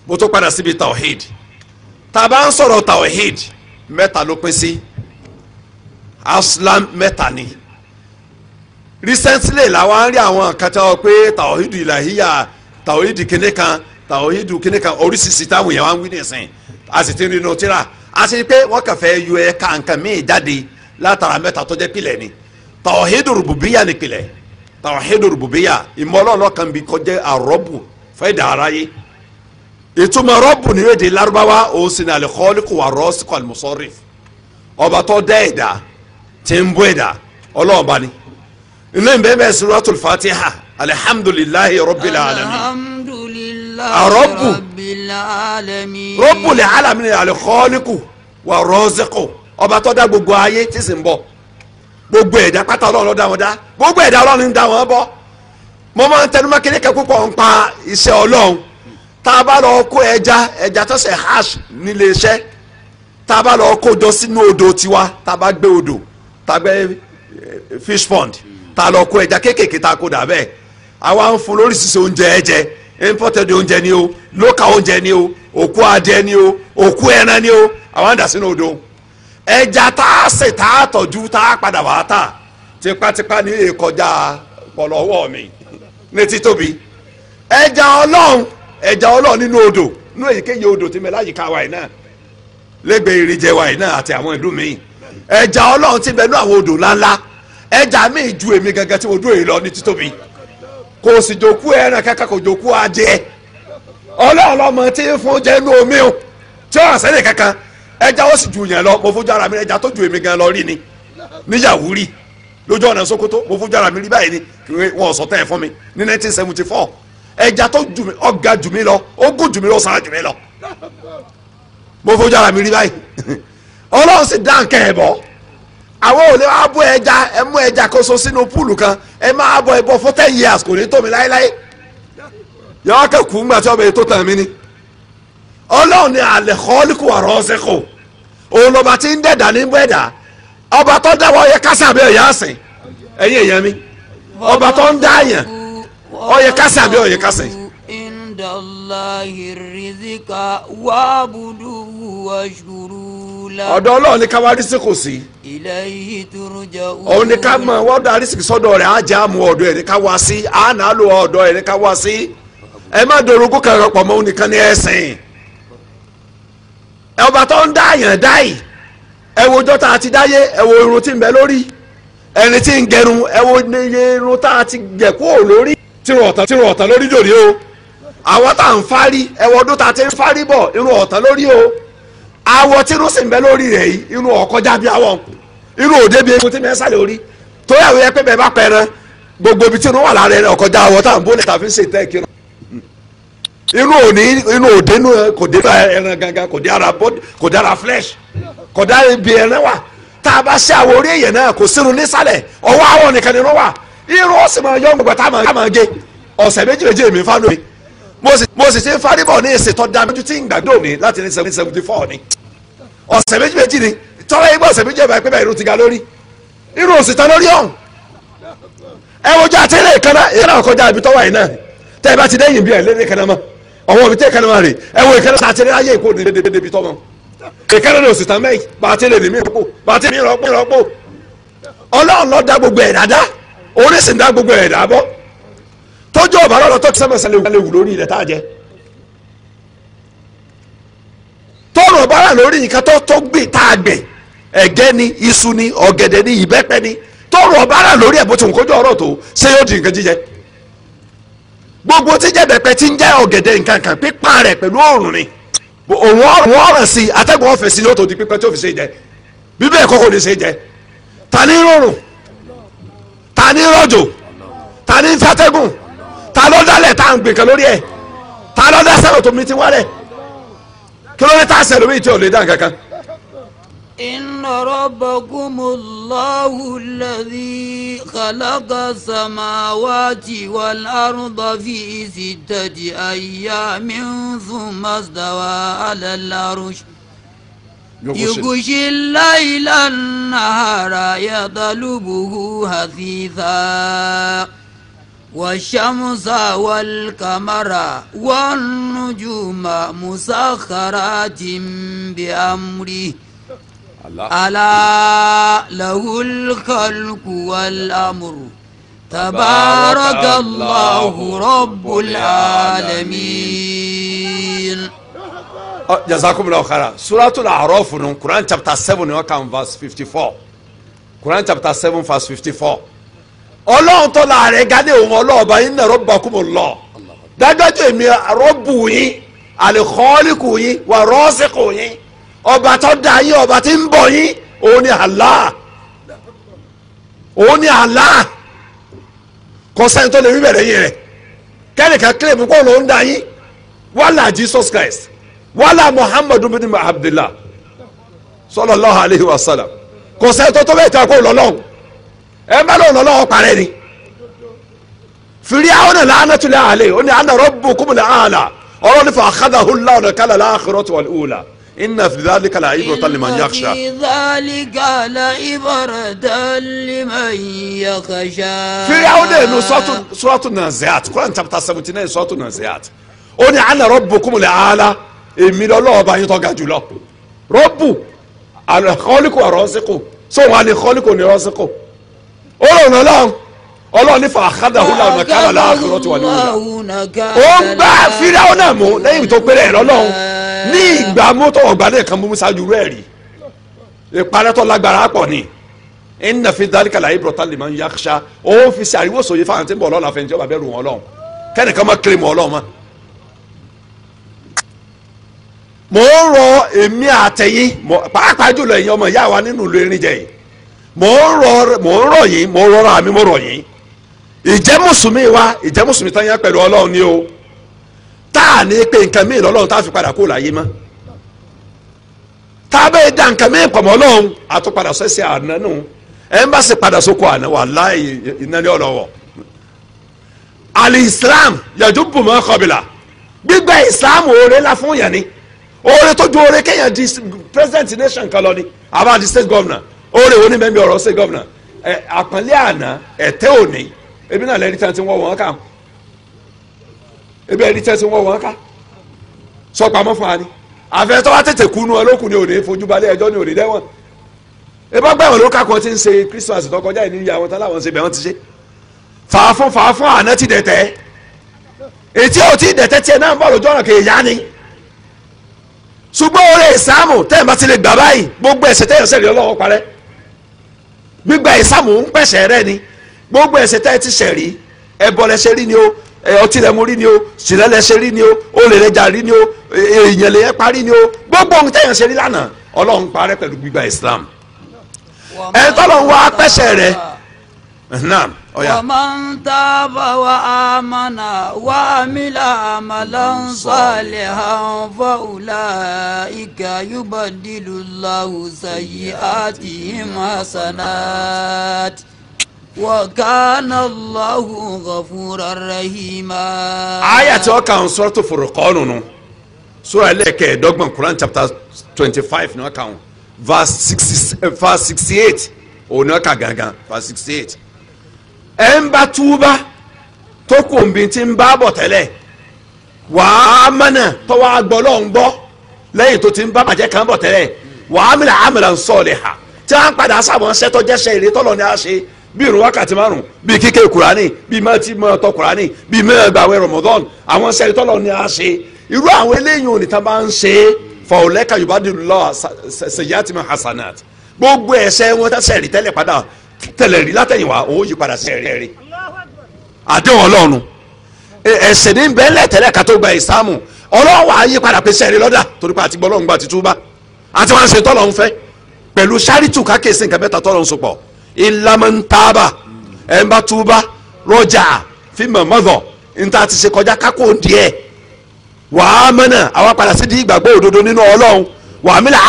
mo tó padà síbi tawhid tá a bá ń sọ̀rọ̀ tawhid mẹ́ta ló pín sí aslam mẹ́ta ni recently làwọn á rí àwọn kan tí pé tawhid ìlàhíyà tawhid kìnìkan tàwíìdù kíní kan oríṣiríṣi táwọn èèyàn e wá ń wí nìsín a sì ti rìnnà tíra a sì pé wọ́n kàn fẹ́ yọ ẹ kàǹkàn míì jáde látara mẹ́ta tó jẹ́ pilẹ̀ ni tàwíìdù rùbùbíyà ni pilẹ̀ tàwíìdù rùbùbíyà ìmọ̀lọ́lọ́ kan bí kọjá àrọ́bù fẹ́ dàrá yé ìtumọ̀ rọ́bù ní èdè Lárúbáwá òun sì ní alikọ́ọ́lìkù wà rọ́ọ̀sìkò àlùmọ́sọ́rìf ọba tó dá ẹ̀dá tí ń bọ́ ẹ̀dá ọlọ́ọ̀ba ni ilé ìbẹ́ẹ̀ bẹ́ẹ̀ suratul Fatiha alihamdulilayi rabbil alamin. àrọ́bù rọ́bù lè alàmì ọba tó dá gbogbo ayé tí sì ń gbogbo ẹ̀dá pátá ọlọ́run gbogbo ẹ̀dá ọlọ́run ń dá wọn mo máa ń ń pa iṣẹ́ ọlọ́run tá a bá lọ kó ẹja ẹja tó ṣe hash nílé iṣẹ́ tá a bá lọ kó jọ sínú odò tiwa tá a bá gbé odò tá a gbé eh, fish pond tá a lọ kó ẹja kéékèèké imported oúnjẹ ni o local oúnjẹ ni o òkú adìẹ ni o òkú ẹran ni o àwọn àdá sínú odò ẹja tá a sè tá a tọ́jú tá a padà wá tà tipátipá ní èkọjá pọ̀lọ́wọ́ mi ní títóbi ẹja ọlọ́run ẹja ọlọ́run nínú odò nínú èyíkéyìí odò tí mẹ́lá yìí ká wáyé náà lẹ́gbẹ̀ẹ́ ìrìnjẹ wáyé náà àti àwọn ìlú míì ẹja ọlọ́run ti bẹ̀ ní àwọn odò ńláńlá ẹja míì ju èmi gẹ́gẹ́ tí mo dúró yìí lọ ní títóbi kò sì jòkú ẹran kankan kò jòkú adìẹ ọlọ́run lọ́mọ tí ń fún jẹ́ inú omi o tí ó hàn sẹ́lẹ̀ kankan ẹja ó sì ju yẹn lọ mo fojú ara mi ẹja tó ju èmi gan lọ rí ni níyàwó rí lójú ọ̀nà Sokoto mo fojú ara mi rí báyìí ni wọn ò sọ tẹ́ ẹ fún mi ní nineteen seventy four ẹja tó ju mi ọ̀gá ju mí lọ ó gùn jù lọ sára jù mí lọ mo fojú ara mi rí báyìí ọlọ́run sì dá nkẹ́ ẹ̀ bọ́ àwọn ò lè wá bọ́ ẹja ẹ mú ẹja kan so sínú púùlù kan ẹ máa bọ ẹ bọ for ten years kò ní tó mi láéláé yàrá kẹ́kù ńgbà tí ọmọ yìí tó tàn mí ni ọlọ́run ni àlẹ́ kọ́ọ́lùkù ọ̀rọ̀ ọ̀sẹ̀ kù òun lọ́ba tí ń dẹ̀dà ní bẹ́ẹ̀dà ọba tó dáwọ́ ọyẹ kásá bí ọ̀yẹ́ àsìn ẹ̀yìn èèyàn mi ọba tó ń dá àyàn ọyẹ kásá bí ọ̀yẹ́ kásìn. indallahi rizika wàbùdù wàṣùrù. ọ̀dọ̀ ọlọ́run ni ká wá rísíkù sí. òun ni ká mọ̀ wọ́n da rísíkù sọ́dọ̀ rẹ̀ á àmú ọ̀dọ̀ ẹ̀ ní ká wá sí àánà lò ọ̀dọ̀ ẹ̀ ní ká wá sí. ẹ má dorogún kẹrọ pọ̀ mọ́ òun nìkan ní ẹ̀sìn. ọba tó ń dá dáì ẹ wo a dáyé ẹ wo irun tí ń bẹ lórí ẹni tí ń gẹrun ẹ wo iye irun tá a ti kúrò lórí. ọ̀tàn lórí o àwọn tá à ń fárí ẹ wo ọdún tá a ti ń fárí bọ̀ irun ọ̀tàn lórí o. awọ tí irun sì ń bẹ lórí rẹ̀ yìí irun ọ̀kọjá bí awọ irun òde bí eku tí mi ń orí torí àwọn pé bẹ́ẹ̀ bá pẹran gbogbo ibi tí irun wà lára rẹ̀ ọ̀kọjá awọ tá à ń bó ní tàbí ṣe tẹ́ kí inú òní inú òde kò dé ẹran gangan kò dé ara kò dé ara flesh kò dá ibi ẹran wà tá a bá ṣe àwọn orí èèyàn náà kò sírun nísàlẹ̀ ọwọ́ àwọn nìkan nínú wà irun ó sì máa yọ gbogbo tá a máa gé ọ̀sẹ̀ méjì méjì èmi fánú mi mo sì ti ń faribọ̀ ní ìsìtọ́ dá tí ń gbàgbọ́ mi láti ní seventy four ni ọ̀sẹ̀ méjì méjì ni tọ́lá yìí bọ́ ọ̀sẹ̀ méjì ẹ̀fà pẹ́pẹ́ irun ti ga lórí irun ò sì tán lórí ọ̀hún ẹ wojú àtẹ́lẹ̀ ìkànnà ìkànnà ọ̀kọjá ibi tọ́wà yìí náà tẹ́ ẹ bá ti dẹ́yìn bí ẹ lé ní ìkànnà mọ́ ọ̀wọ́n mi tẹ́ ìkànnà mọ́ rè ẹ wo ìkànnà àtẹ́lẹ̀ ayé ìkó ní dédé ibi tọ́mọ ìkànnà ní òsì tán mẹ́yìn bá dá gbogbo ẹ̀ dáadáa orísìí dá gbogbo ẹ̀ dáabọ́ tójú ọ̀bà lọ́dọ̀ tó ti sẹ́mọ̀ sẹ́lẹ̀ wù lórí ilẹ̀ tá a jẹ́ tọrọ bá rà lórí nǹkan tó tó gbìn tá a gbìn ẹ̀gẹ́ ni iṣu ni ọ̀gẹ̀dẹ̀ ni ìbẹ́pẹ ni tọrọ bá rà lórí ẹ̀ bó ti wù kójú ọ̀rọ̀ tó ṣé yóò di nǹkan jíjẹ gbogbo tí jẹ́ bẹ̀pẹ̀ tí ń jẹ́ ọ̀gẹ̀dẹ̀ nǹkan kan pípa rẹ̀ pẹ̀lú òrùn ni òun ọ̀ràn sí atẹ́gùn ọ̀fẹ́ sí yóò tó di pípẹ́ tí ó fi ṣe jẹ bíbẹ́ ẹ̀kọ́ kò ní ṣe jẹ ta rọrùn ta ni rọ̀jò ta ni tá à ń gbìn kan lórí ẹ̀ ta ló tó mi ti wálẹ̀ kí ló dé tá a sẹ lómi tí o lè dá nǹkan kan. inna rabbakumullahu alladhi khalaqa samawati wal arda fi sittati ayyamin thumma stawa ala al-arsh. يغشي الليل النهار يطلبه هثيثا والشمس والقمر والنجوم مسخرات بأمره ألا له الخلق والأمر تبارك الله رب العالمين جزاكم الله خيرا سورة الأعراف Quran chapter 7 verse 54 Quran chapter 7 verse 54 ọlọ́run tó la rẹ̀ gádé òun ọlọ́ọ̀bá yín nà lọ dájọ́jú èmi rọ́bù yín àlèkọ́ọ́lìkù yín wà rọ́ọ̀sìkù yín ọba tó dá yín ọba tí ń bọ̀ yín òun ni Allah òun ni Allah kò tó lè rí bẹ̀rẹ̀ yín rẹ̀ kẹ́nìkan mú kó ló ń yín Jesus Christ Muhammadu bin sallallahu alayhi wa sallam tó tó ta kó ẹ má lọ lọ́wọ́ parẹ́ ni fìríyàwó náà lánàá tún lé àlẹ́ ó ní àná rọ́bù kúmù ní àlà ọ̀rọ̀ nífa àkàdàhùn láwọn kálá láàkúrọ̀ tó wà ní òòlà iná fìdálí kálá ibùrọ̀ tán lè máa ń yàkṣà. fìríyàwó náà nù sọ́ọ̀tù náà zẹ́àt kúrán chapter seventeen náà sọ́ọ̀tù náà zẹ́àt ó ní àná rọ́bù kúmù ní àlà èmi lọ́lọ́ọ̀bá yín tó ga jùlọ rọ́bù alẹ́ kọ́líkù àrọ́síkù sóhun alẹ́ kọ́líkù ní rọ́síkù ó rọrùn láwọn ọlọ́run nífa àkádàhùn làwọn nàkàlà láàkúrọ̀ tí wà ní òwúrọ̀ ó ń gbá fíráwọ́ náà mú lẹ́yìn tó péré ẹ̀rọ náà ní ìgbà mọ́tò ọ̀gbà náà kan mímú ṣáájú rẹ̀ rí ìparẹ́tọ̀ lágbára pọ̀ ni ẹnna fi dálíkà láyé bọ̀tà lè máa ń yáṣá ó ń fi ṣàríwò sòye fáwọn tí ń bọ̀ ọlọ́run àfẹnjẹ́ ọba bẹ́ẹ̀ rù wọn lọ́hùn kẹ́nìkan má mò ń rọ mò ń rọ yín mò ń rọra mi mò ń rọ yín ìjẹ́ mùsùlùmí wa ìjẹ́ mùsùlùmí tán yẹn pẹ̀lú ọlọ́run ni o tá a ní pé nǹkan mìíràn ọlọ́run tá a fi padà kó láyé mọ́ tá a bẹ́ẹ̀ da nǹkan mìíràn pọ̀ mọ́ ọlọ́run àtúpadà sẹ́sẹ́ àná nù ẹ̀ ń bá sì padà sóko àná wà láì iná ní ọlọ́wọ́ alìsílám yàjú bùnmọ́ kọbìlà gbígbà ìsìlám òòrè la fún yẹn ni òòrè tó ju òòrè kéèyàn di president nation kan lọ ni àbá di state governor oore wo ni bẹ́ẹ̀ bí ọ̀rọ̀ ṣe gọ́vnà ẹ àpọ́nlé àná ẹ̀tẹ́ òní ebi náà lẹ́ni tẹ́tí wọ́n wọ́n ká ebi ẹni tẹ́tí wọ́n wọ́n ká sọ pamọ́ fún wa ni àfẹ́tọ́ wa tètè kunu ọlọ́kùn ni òní fojú balẹ̀ ẹjọ́ ni òní dẹ́wọ̀n ebá gbẹ̀wọ̀n ló kakọ̀ tí ń ṣe Christmas tó kọjá ìní ìyá wọn tán láwọn ṣe bẹ̀ wọ́n ti ṣe fàáfún fàáfún àná ti dẹ̀tẹ̀ ètí ò tí dẹ̀tẹ̀ tiẹ̀ náà ń bọ̀ lójú ọ̀nà kèèyàn ni ṣùgbọ́n oore ìsàmù tẹ́ẹ̀ bá ti lè gbà báyìí gbogbo ẹ̀ṣẹ̀ tẹ́yọ̀ sẹ́yìn ọlọ́wọ́ parẹ́ gbígba ìsàmù ń pẹ̀sẹ̀ rẹ ni gbogbo ẹ̀ṣẹ̀ tẹ́ ẹ ti ṣẹ̀ rí ẹbọ lẹ ṣe rí ni o ọtí lẹ mu rí ni o sílẹ̀ lẹ ṣe rí ni o olè lẹ rí ni o e, e, èèyàn lè yẹn parí ni o gbogbo ohun tẹ̀yàn ṣe rí lánàá ọlọ́run parẹ́ pẹ̀lú gbígba Islam ẹ̀ tọ́lọ́run wá pẹ̀sẹ̀ rẹ̀ naam ومن تاب وآمن وعمل عملا صالحا فأولئك يبدل الله سيئاتهم حسنات وكان الله غفورا رحيما آية توقع سورة فرقان سورة لك دوغمان قرآن chapter 25 نوكاون verse 68 ونوكا غانغان verse 68 ẹ̀ ń bá túbá tó kòǹbì tí ń bá bọ̀ tẹ́lẹ̀ wàá mọ̀nà tó wàá gbọ́ lọ́n gbọ́ lẹ́yìn tó ti ń bá bàjẹ́ kan bọ̀ tẹ́lẹ̀ wàá mìlà àmìlà ń sọ̀ lè hà tí wọ́n á padà sábọ̀ ń sẹ́tọ́ jẹ́sẹ̀ èrè tọ́lọ́ ni a ṣe bí irun wákàtí márùn bí kíké kùránì bí mẹ́tì mọ́tọ́ kùránì bí mẹ́gbàwé rọmọdọ́n àwọn sẹ́rí tọ́lọ́ ni a ṣe irú àwọn eléyìí òní tá bá ń ṣe fọ̀ọ́lẹ́ka yorùbá dìlú lọ́wọ́ sẹ̀yàtìmọ̀ hasanat gbogbo ẹ̀ṣẹ̀ wọn tẹ́sẹ̀ rí tẹ́lẹ̀ padà tẹ̀lẹ̀ rí látẹ̀yìnwá ó yí padà sí ẹ̀rí ẹ̀rí àdéhùn ọlọ́run ẹ̀sìn ní bẹ́ẹ̀lẹ̀ tẹ́lẹ̀ ká tó gba ìsáàmù ọlọ́run wàá yí padà pé sẹ́ẹ̀rí lọ́dà torí pé àti gbọ́ ọlọ́run gba títúbà àti wọn ṣe tọ́lọ̀ ń fẹ́ pẹ̀lú sáritù kákèsí nǹkan mẹ́ta tọ́lọ̀ ń sopọ̀ ìlàmọ́ntàbà ẹ̀ńbàtúbà rọ́jà fímọ̀mọ́dọ̀ níta ti ṣe kọjá kákò díẹ̀ wàá mọ́nà àwa padà sí di ìgbàgbọ́ òdodo nínú ọlọ́run wàá mílà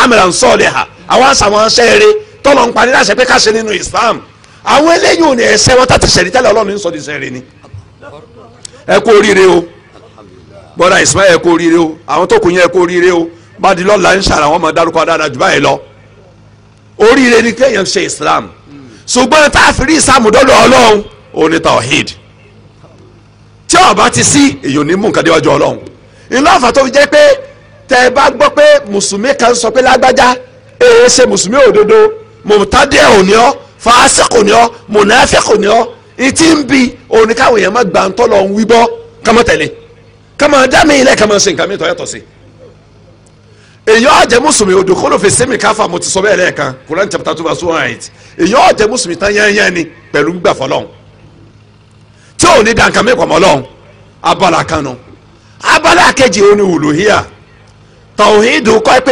tọ́lọ̀ ń parí láṣẹ pé ká ṣe nínú Islam àwọn eléyìí ò ní ẹsẹ̀ wọn tàti sẹ̀rí tẹ́lẹ̀ ọlọ́run ń sọ di sẹ̀rí ni ẹ kú oríire o bọ́dà Ismail ẹ kú oríire o àwọn tó kù yẹn ẹ kú oríire o bàdìlọ́lá ń ṣàrà wọn máa dárúkọ dáadáa jù báyìí lọ oríire ni kéèyàn ṣe Islam ṣùgbọ́n tá a fi rí Islam dọ́dọ̀ ọlọ́run ò ní tawhid tí ọba ti sí èyí ò ní mú nǹkan déwájú ọlọ́run ńlá ọ̀fà tó fi jẹ́ pé tẹ́ ẹ bá gbọ́ pé mùsùlùmí kan sọ pé lágbájá èèyàn ṣe mùsùlùmí òdodo mọ̀tádẹ́ òní ọ́ fàásẹ́kù ni ọ́ mọ̀nàfẹ́kù ni ọ́ etí ń bi òní káwọn èèyàn má gbà ń tọ́lọ̀ ń wí bọ́ kàmọ́ tẹ̀lé kàmọ́ dá mi ilẹ̀ kàmọ́ sí nǹkan tọ́ yàtọ̀ sí. èyí ọ̀ mùsùlùmí odò kó ló fi sẹ́mi káfà mo ti sọ bẹ́ẹ̀ lẹ́ẹ̀kan Quran chapter two verse one eight èyí ọ̀ jẹ́ mùsùlùmí tán yẹ́nyẹ́ ni pẹ̀lú gbà fọlọ́hún tí ò ní dankan mẹ́kọ̀ọ́ mọ́ lọ́hún abala kan òní wùlùhíà tàwíìdù kọ́ pé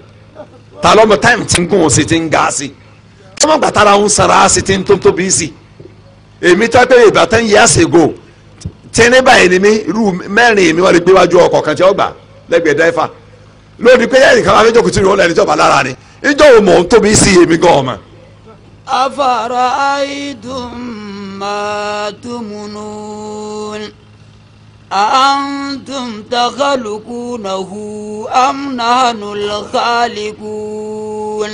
ta lọ́mọ táìmù tí ń gùn sí ti ń ga sí ọmọ gbàtàrà ń sara sí ti ń tó tóbi sí èmi tó pé ìbátan yẹ àṣegò tẹ́ni báyìí ni mí irú mẹ́rin èmi wọ́n lè gbé wájú ọkọ̀ kan tí ó gbà lẹ́gbẹ̀ẹ́ dáìfà lónìí pé yẹ́nì kan afẹ́jọ́ kùtù ìrọ̀lẹ́ ẹni jọba lára ni ìjọ wo mò ń tóbi sí èmi gan ọmọ. afárá àìdùn máa tó múnú. أأنتم تخلقونه أم نحن الخالقون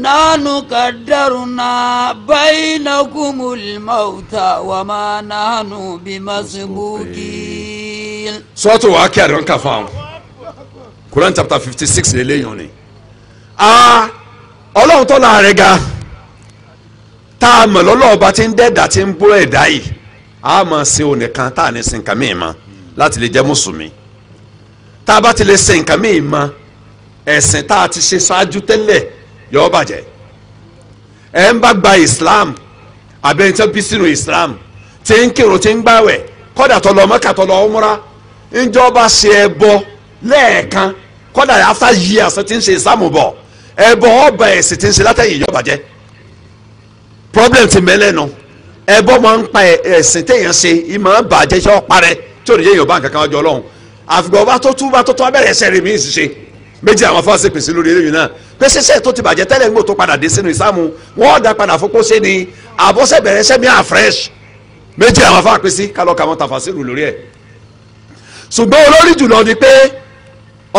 نحن قدرنا بينكم الموت وما نحن بمسبوقين sọ́ọ̀tù wàá kí àdán kà fáwọn Quran chapter fifty six lélẹ́yìn ni ọlọ́run tó la rẹ̀ ga tá a mọ̀ lọ́lọ́ọ̀ba tí ń dẹ́ẹ̀dá tí ń bọ́ ẹ̀dá yìí a máa ṣe òun nìkan tá à ní sin nǹkan míì mọ́ láti lè jẹ́ mùsùlùmí tá a bá ti lè sin nǹkan míì ẹ̀sìn tá a ti ṣe ṣáájú tẹ́lẹ̀ yọ̀ọ́ bàjẹ́ ẹ̀ ń bá gba Islam abẹ́ntẹ́ bí sínú Islam tí ń kírun tí ń gbàwẹ̀ kọ́dà tọ́lọ Mẹ́kà tọ́lọ ọmúra ńjọba ṣe ẹbọ lẹ́ẹ̀kan kọ́dà after years ti ń ṣe Islam bọ̀ ẹbọ ọba ẹ̀sìn ti ń ṣe látẹ̀yìn yọ̀ọ́ bàjẹ́ problem ti mẹ́lẹ́nu. No ẹbọ máa ń pa ẹ̀sìn téèyàn ṣe ìmọ̀ ń bàjẹ́ iṣẹ́ ọ̀parẹ́ tí òní yéèyàn bá nǹkan kan ọjọ́ ọlọ́run àfìgbà ọba tó túbà tó tó abẹ́rẹ́ ẹsẹ̀ rẹ̀ míì ṣe méjì àwọn afọ́nsẹ̀ pèsè lórí eléyìí náà pèsè iṣẹ́ tó ti bàjẹ́ tẹ́lẹ̀ ń gbò tó padà dé sínú ìsámu wọ́n dá padà fọ́pọ́ ṣe ni àbọ̀sẹ̀ bẹ̀rẹ̀ iṣẹ́ míà fresh méjì àwọn afọ́ àpèsè kálọ̀ kà wọ́n tafàṣírù lórí ẹ̀. ṣùgbọ́n olórí jùlọ ni pé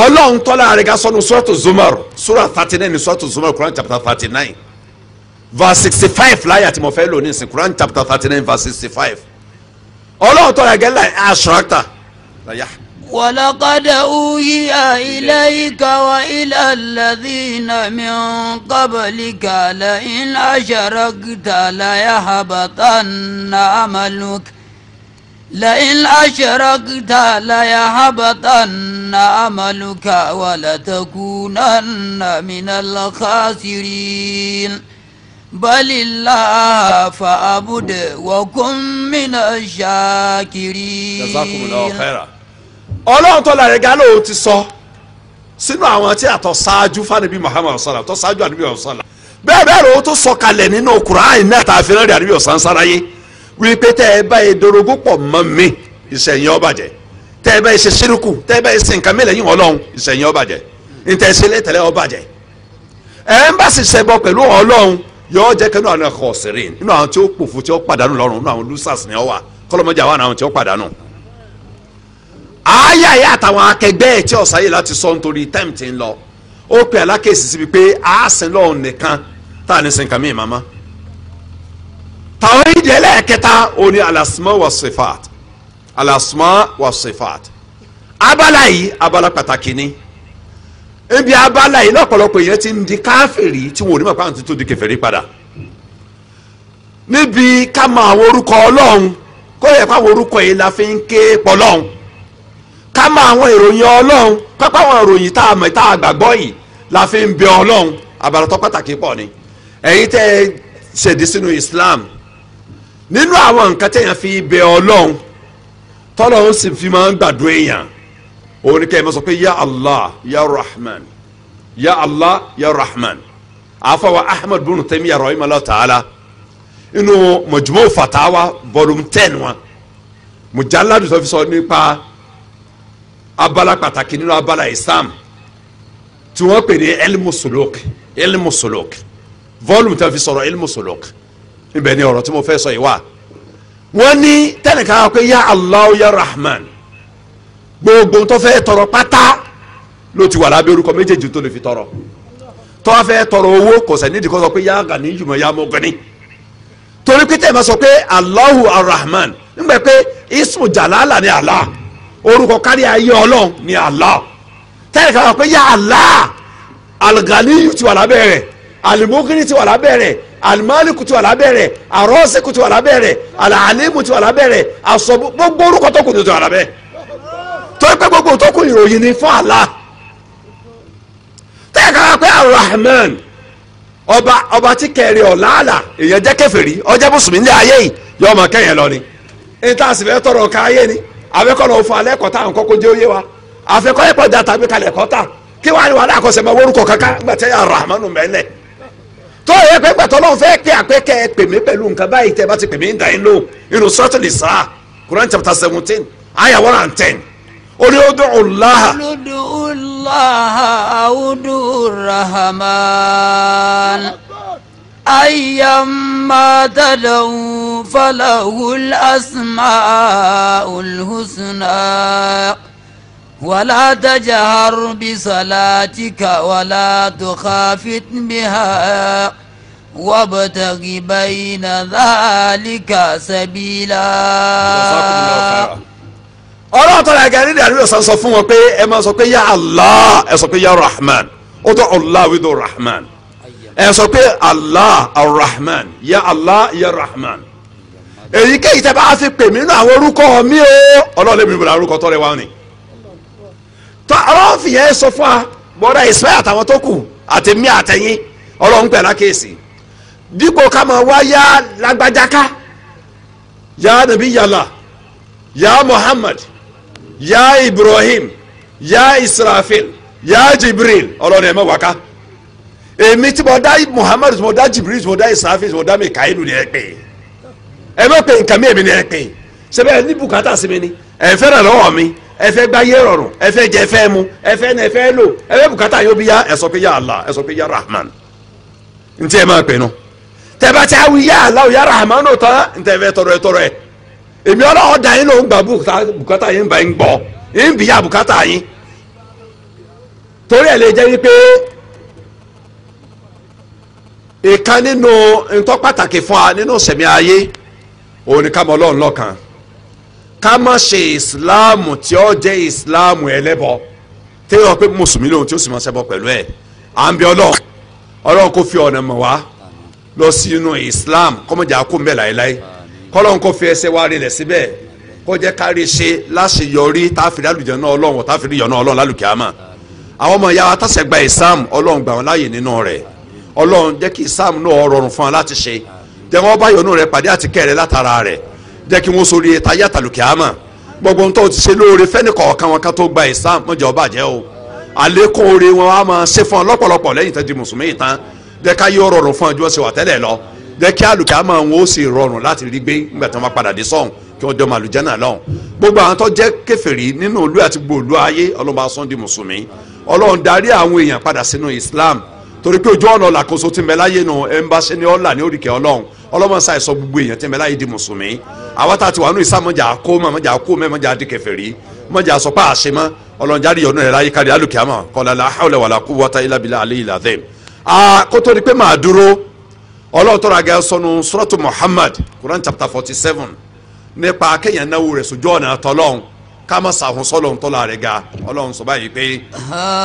ọlọ́run tọ́lá àrẹ́gá sọ́nu sọ́ọ̀tù zumar sura thirty nine sọ́ọ̀tù zumar Quran chapter thirty nine verse sixty five láyà tí mo fẹ́ lò ní ìsìn Quran chapter thirty nine verse sixty five ọlọ́run tọ́ra gẹ́lá aṣọ́ta láyà. ولقد أوحي إليك وإلى الذين من قبلك لئن أشركت ليحبطن عملك لئن أشركت ليحبطن عملك ولتكونن من الخاسرين balillah fa'abude wa kun mina shakiri. jazakumullahu khaira. ọlọ́run tó lára ẹ̀gá lóun ti sọ sínú àwọn tí àtọ̀ ṣáájú fanibi muhammad sallam tó ṣáájú àdúgbò ọ̀sán bẹ́ẹ̀ bẹ́ẹ̀ lóun tó sọ kalẹ̀ nínú kuraani náà tá a fi rẹ́rìn àdúgbò ọ̀sán sáráyé wípé tẹ́ ẹ bá yẹ dorogún pọ̀ mọ́ mi ìṣẹ̀yìn ó bàjẹ́ tẹ́ ẹ bá ṣe ṣírùkù tẹ́ ẹ bá ṣe nǹkan mélòó yìí ọlọ́run ìṣẹ̀yìn ó bàjẹ́ ntẹ̀sílẹ̀ ẹ̀ ń bá sì ṣẹbọ pẹ̀lú ọlọ́run yọọ jẹ kẹnu àwọn khosirin nínú àwọn tí ó pòfo tí ó pàdánù lọ́rùn nínú àwọn losers ni ọ wà kọlọmọjà wà ní àwọn tí ó pàdánù. àáyá yẹ àtàwọn akẹgbẹ́ ẹ̀ tí ọ̀sá yìí láti sọ nítorí time ti ń lọ ó pè alákèsí síbi pé a sin lọ́hùn nìkan tá a ní sin kàmí ìmàmá. tàwọn ìdí ẹlẹ́ẹ̀kẹta ó ní alasma wa sifat alasma wa sifat abala yìí abala pàtàkì ni. ebi abala yìí lọ́pọ̀lọpọ̀ èèyàn ti ń di káfìrí tí wọn ò ní mọ̀ pàǹtí tó di kèfèrí padà níbi ká mọ àwọn orúkọ ọlọ́run kó yẹ káwọn orúkọ yìí la fi ń ké pọlọ́run ká mọ àwọn ìròyìn ọlọ́run pápá àwọn ìròyìn tá a mọ̀ la fi ń bẹ ọlọ́run àbàlọ́tọ́ Islam nínú àwọn nǹkan tẹ̀yàn fi bẹ ọlọ́run tọ́lọ́run sì fi òun ni kẹ́ ẹ máa sọ pé ya allah ya rahman ya allah ya rahman àfàwà ahmed bin tẹ́mi yàrá ìmọ̀ lọ́wọ́ tààlà inú mọ̀jùmọ́ fatawa volume ten wa mujalladu tó fi sọ nípa abala pàtàkì nínú abala islam tí wọ́n pè ní elmu suluk elmu suluk volume tó fi sọ̀rọ̀ elmu suluk ibẹ̀ ni ọ̀rọ̀ tí mo fẹ́ sọ yìí wá wọ́n ní tẹ́nìkan pé ya allah ya rahman gbogbo tó fẹ́ tọrọ pátá ló ti wà lábẹ́ orúkọ méjèèjì tó lè fi tọrọ tó wá fẹ́ tọrọ owó kò sẹ́ni ìdíkọ́ sọ pé yá gani jùmọ̀ yá mọ́ gani torí pé ma sọ pé Allahu arahman nígbà pé ismu jalala ni Allah orúkọ kárí ayé ọlọ́run ni Allah tẹ́lẹ̀ kan sọ pé yá Allah alganiyu ti wà lábẹ́ rẹ̀ alimokiri ti wà lábẹ́ rẹ̀ alimaliku ti wà lábẹ́ rẹ̀ arọ́síku ti wà lábẹ́ rẹ̀ alalimu ti wà lábẹ́ rẹ̀ asọ gbogbo orúkọ tó kù ti wà lábẹ́ rẹ̀ torí pé gbogbo tó kún ìròyìn ní fún Allah tẹ́ẹ̀ká pé Ar-Rahman ọba ọba tí kẹrin ọ̀làlà èèyàn jẹ́ kèfèrí ọjọ́ mùsùlùmí ní ayé yìí yọ ọmọ kẹyìn lọ ni ní tá a sì fẹ́ tọrọ ká ayé ni àfẹ́kọ̀ọ́ fún alẹ́ kọ́tà àwọn kọ́kọ́ jẹ́ òye wa àfẹ́kọ́ ẹ̀pọ̀ dàtà gbé kalẹ̀ kọ́tà kí wàá ní wàhálà àkọsẹ̀ máa wórúkọ kankan gbàtẹ́ Ar-Rahman mẹ́lẹ̀ tó yẹ pé gbàtọ́ lọ́n fẹ́ pé àpé kẹ́ ẹ pè mí pẹ̀lú nǹkan báyìí tẹ́ bá ti pè mí ń dà yín lóhùn inú sọ́tìlì sáà Quran chapter seventeen ayah one and ten orí الله ادعوا الله ودعوا الرحمن Rahman. أيما تدعو فله الأسماء الحسنى ولا تجهر بصلاتك ولا تخافت بها وابتغ بين ذلك سبيلا ọ̀rọ̀ tọ́lá ẹ̀gá nídìí àdúgbò sàn sọ fún wọn pé ẹ máa sọ pé ya Allah ẹ sọ pé ya Rahman ó tó Allah wíìdó Rahman ẹ sọ pé Allah Ar-Rahman ya Allah ya Rahman èyíkéyìí tẹ́ bá fi pè mí nínú àwọn orúkọ mi o ọlọ́ọ̀lẹ́ mi bọ̀dọ̀ orúkọ tọ́lẹ̀ wa ni tọ́ ọlọ́run fi yẹn sọ fún wa bọ́dà ìsìláyà àtàwọn tó kù àtẹ̀mí àtẹ̀yìn ọlọ́run pẹ̀lá kéèsì dípò ká máa wá yá lágbájá yá nàbí yàlá yá Muhammad ya Ibrahim ya Israfil ya Jibril ọlọ́run ẹ̀ mọ̀ wáká èmi tí mo dá Muhammad tí mo dá Jibril tí mo dá Israfil tí mo dá Mikailu ni ẹ pè é ẹ má pè nǹkan mi èmi ni ẹ pè é sẹbẹ ní bùkátà sí mi ni ẹ fẹ́ ràn lọ́wọ́ mi ẹ fẹ́ gbáyé rọrùn ẹ fẹ́ jẹ ẹ fẹ́ mu ẹ fẹ́ nà ẹ fẹ́ lò ẹ fẹ́ bùkátà yóò bí ya ẹ sọ pé ya Allah ẹ sọ pé ya Rahman ntí ẹ máa pè nù tẹ̀bátì awi ya Allah ya Rahman ò tán ntẹ̀ fẹ́ tọrọ ẹ tọrọ ẹ èmi ọlọ́wọ́ da yín ló ń gba bùkátà yín bá yín gbọ́ yín bìyà bùkátà yín torí ẹ̀ lè jẹ́ wípé ìkan nínú ntọ́ pàtàkì fún wa nínú sẹ̀mí ayé òun ni ká mọ ọlọ́run lọ́kan ká má ṣe ìsìláàmù tí ó jẹ́ ìsìláàmù ẹlẹ́bọ téèyàn pé mùsùlùmí lòun tí ó sì máa ṣẹbọ pẹ̀lú ẹ̀ à ń bẹ ọlọ́run ọlọ́run kò fi ọ̀nà mọ̀ wá lọ sí inú ìsìláàmù kọ́mọ̀jà kó ń bẹ̀ láéláé kọ́lọ́n kò fi ẹsẹ̀ wa rinlẹ̀ síbẹ̀ kó jẹ́ ká rí ṣe láṣeyọrí táfi lálùjẹ náà ọlọ́run táfi rí yọ̀nà ọlọ́run lálùkẹ́ àmà àwọn ọmọ ìyá atásẹ̀ gba ìsáàmù ọlọ́run gbà wọn láàyè nínú rẹ̀ ọlọ́run jẹ́ kí ìsáàmù náà rọrùn fún wa láti ṣe jẹ́ wọ́n bá yọ̀nù rẹ̀ pàdé àtikẹ́ rẹ̀ látara rẹ̀ jẹ́ kí wọ́n sori eta yàtà lùkẹ́ àmà gbogbo ohun tó ti ṣe lóore fẹ́ni kọ̀ọ̀kan wọn ká tó gba ìsáàmù mọ́jọ́ bàjẹ́ o àlékún oore wọn á máa ṣe fún ọ lọ́pọ̀lọpọ̀ lẹ́yìn tó di mùsùlùmí tán jẹ́ ká yọ rọrùn fún ọjọ́ ṣe wà tẹ́lẹ̀ lọ jẹ́ kí àlùkìyámà wọn ó sì rọrùn láti rí gbé nígbà tí wọ́n bá padà dé sọ́hùn kí wọ́n jọ máa àlùjánnà lọ́hùn gbogbo àwọn tó jẹ́ kèfèrí nínú olú àti gbòòlú ayé ọlọ́run bá mùsùlùmí ọlọ́run darí àwọn èèyàn padà sínú Islam torí pé ojú ọ̀nà làkóso ti mẹ́láyé nu ẹ̀ńbáṣẹ́ ni ọ̀là ní oríkẹ́ ọlọ́run ọlọ́mọ sáyẹ sọ gbogbo èèyàn ti mẹ́láyé di mùsùlùmí àwa tá a ti wà nù ìsàmọ́jà kó mọ́jà kó mẹ́mọ́jà di kèfèrí mọ́jà sọ pé àṣẹ mọ́ ọlọ́run jáde yọ̀nù rẹ̀ láyé kárí alùkìyàmọ́ kọ́lá la hawla wàlá quwwata illa billah aliyyil azim. kótó ni pé màá dúró ọlọ́ọ̀tọ́ ra gẹ́ sọnù suratu Muhammad Quran chapter forty seven nípa kéèyàn náwó rẹ̀ sójú ọ̀nà tọ́lọ́hún ká má sàhùn sọ́lọ́hún tọ́lá rẹ̀ ga ọlọ́hún sọ báyìí pé. ha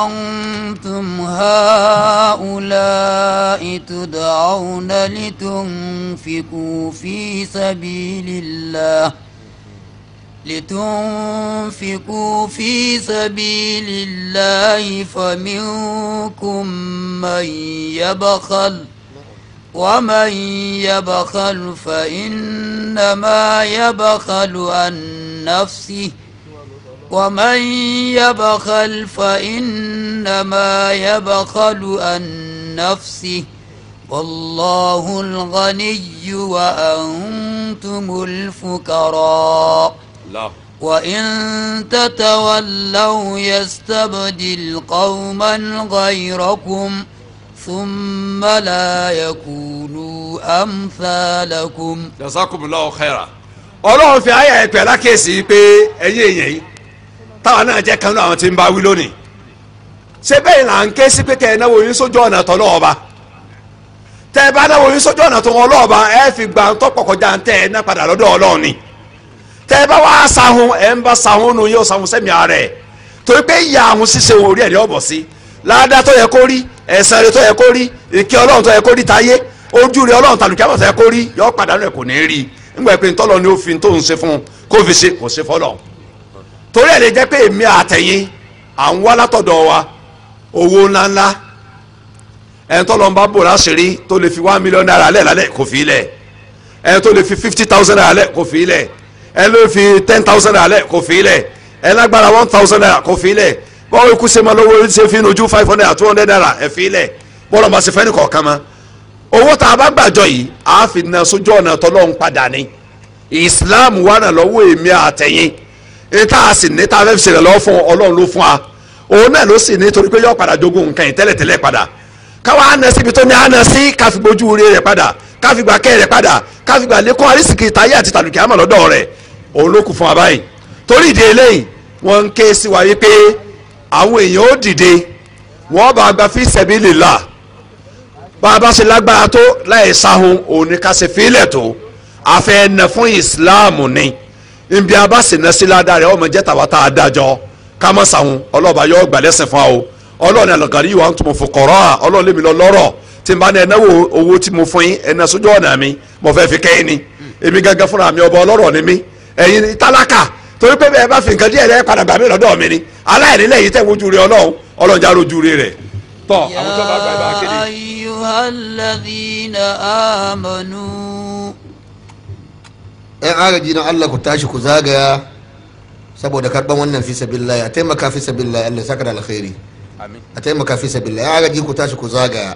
antum haula'i tud'awna litunfiqu fi sabilillah. لتنفقوا في سبيل الله فمنكم من يبخل ومن يبخل فإنما يبخل عن نفسه ومن يبخل فإنما يبخل عن نفسه والله الغني وأنتم الفقراء وإن تتولوا يستبدل قوما غيركم ۖ ثم لا يكونوا أمثالكم جزاكم الله خيرا ọlọ́run fi àyà ẹ̀pẹ́ lákèsí pé ẹ̀yin èèyàn yìí táwọn náà jẹ́ kanú àwọn tí ń bá wí lónìí ṣé bẹ́ẹ̀ là ń ké sí pé kẹ́ ẹ̀ náwó yín sójú ọ̀nà tọ́ lọ́ọ̀ba tẹ́ ẹ bá náwó yín sójú ọ̀nà tó lọ́ọ̀ba ẹ fi gbà ń tọ́pọ̀ kọjá ń tẹ́ ẹ ná padà lọ́dọ̀ ọlọ́run ni tẹ́ ẹ bá wá sahun ẹ ń bá sahun nu yóò sahun sẹ́mi ara ẹ̀ torí pé ìyá àwọn ṣíṣe òun ẹ̀ ẹ̀san rẹ̀ tó yẹ kó rí ìkẹ́ ọlọ́run tó yẹ kó rí táyé ojú rẹ̀ ọlọ́run tàlùkẹ́ tó yẹ kó rí yọ pàdánù ẹ̀ kò ní rí nígbà pé ntọ́lọ ni ó fi tó ń ṣe fún kó fi ṣe kò ṣe fọlọ́ torí ẹ̀ lè jẹ́ pé èmi àtẹ̀yìn à ń wá látọ̀dọ̀ wa owó ńláńlá ẹni tọ́lọ ń bá bò láṣìírí tó lè fi one million naira lẹ̀ lálẹ́ kò fi lẹ̀ ẹni tó lè fi fifty thousand naira lẹ̀ kò fi lẹ̀ ẹni tó fi ten thousand naira lẹ̀ kò fi lẹ̀ ẹni lágbára one thousand naira kò fi lẹ̀ bọ́ọ̀ ikú ṣe máa lọ́wọ́ ṣe fi ojú five hundred two hundred naira ẹ̀ fi ilẹ̀ bọ́ọ̀lù máa ṣe fẹ́ni kọ̀ọ̀kan ma owó tá a bá gbàjọ yìí a fi na sójú ọ̀nà tọ́lọ́hún padà ni Islam wà náà lọ́wọ́ èmi àtẹ̀yìn ní tá a sì ní tá a fẹ́ fi ṣẹlẹ̀ lọ́wọ́ fún Ọlọ́run ló fún wa òun náà ló sì ní torí pé yọ padà jogún nǹkan yìí tẹ́lẹ̀tẹ́lẹ̀ padà káwa á na sí ibi tó ní á na sí ká fi gbójú rẹ̀ rẹ̀ padà ká gbà kẹ́ rẹ̀ padà ká gbà lékún àrísìkì táyé àti tàlùkì àmọ̀ lọ́dọ̀ òun ló kù fún wa báyìí torí ìdí eléyìí wọ́n ń ké sí wa yí àwọn èèyàn ó dìde wọ́n bá gba fi sabilillah bá a bá ṣe lágbára tó láì sáhun òun ni ká ṣe fílẹ̀ tó àfẹ́ ẹ̀nà fún ìsìláàmù ni ibi a bá sì ná sí ládàá rẹ̀ ọmọ jẹ́ tàwa tá a dájọ́ ká mọ̀ sáhun ọlọ́ọ̀bá yọ ọgbà lẹ́sìn fún wa o ọlọ́ọ̀ni àlọ́kàrí yìí ń tún fuqara ọlọ́ọ̀ lèmi lọ lọ́rọ̀ tí n bá ní ẹnáwó owó tí mo fún yín ẹ̀nà sójú ọ̀nà mi mo fẹ́ fi kẹ́yìn ni èmi gángan fúnra mi ọba ọlọ́rọ̀ torí pé bẹ́ẹ̀ bá fi nǹkan díẹ̀ rẹ padà gbàmí lọ́dọ̀ mi ni aláìní lẹ́yìn tẹ̀ wojú rẹ ọlọ́run ọlọ́run já rojú rẹ rẹ̀ àwọn tó bá gba ìbá kéde. Ya ayyuhal ladhina amanu. ‘Yan agaji na Allah ku tashi ku zagaya saboda karɓan wannan fi sabillahi a taimaka fi sabillahi Allah saka da alkhairi. A taimaka fi sabillahi ‘yan agaji ku tashi ku zagaya.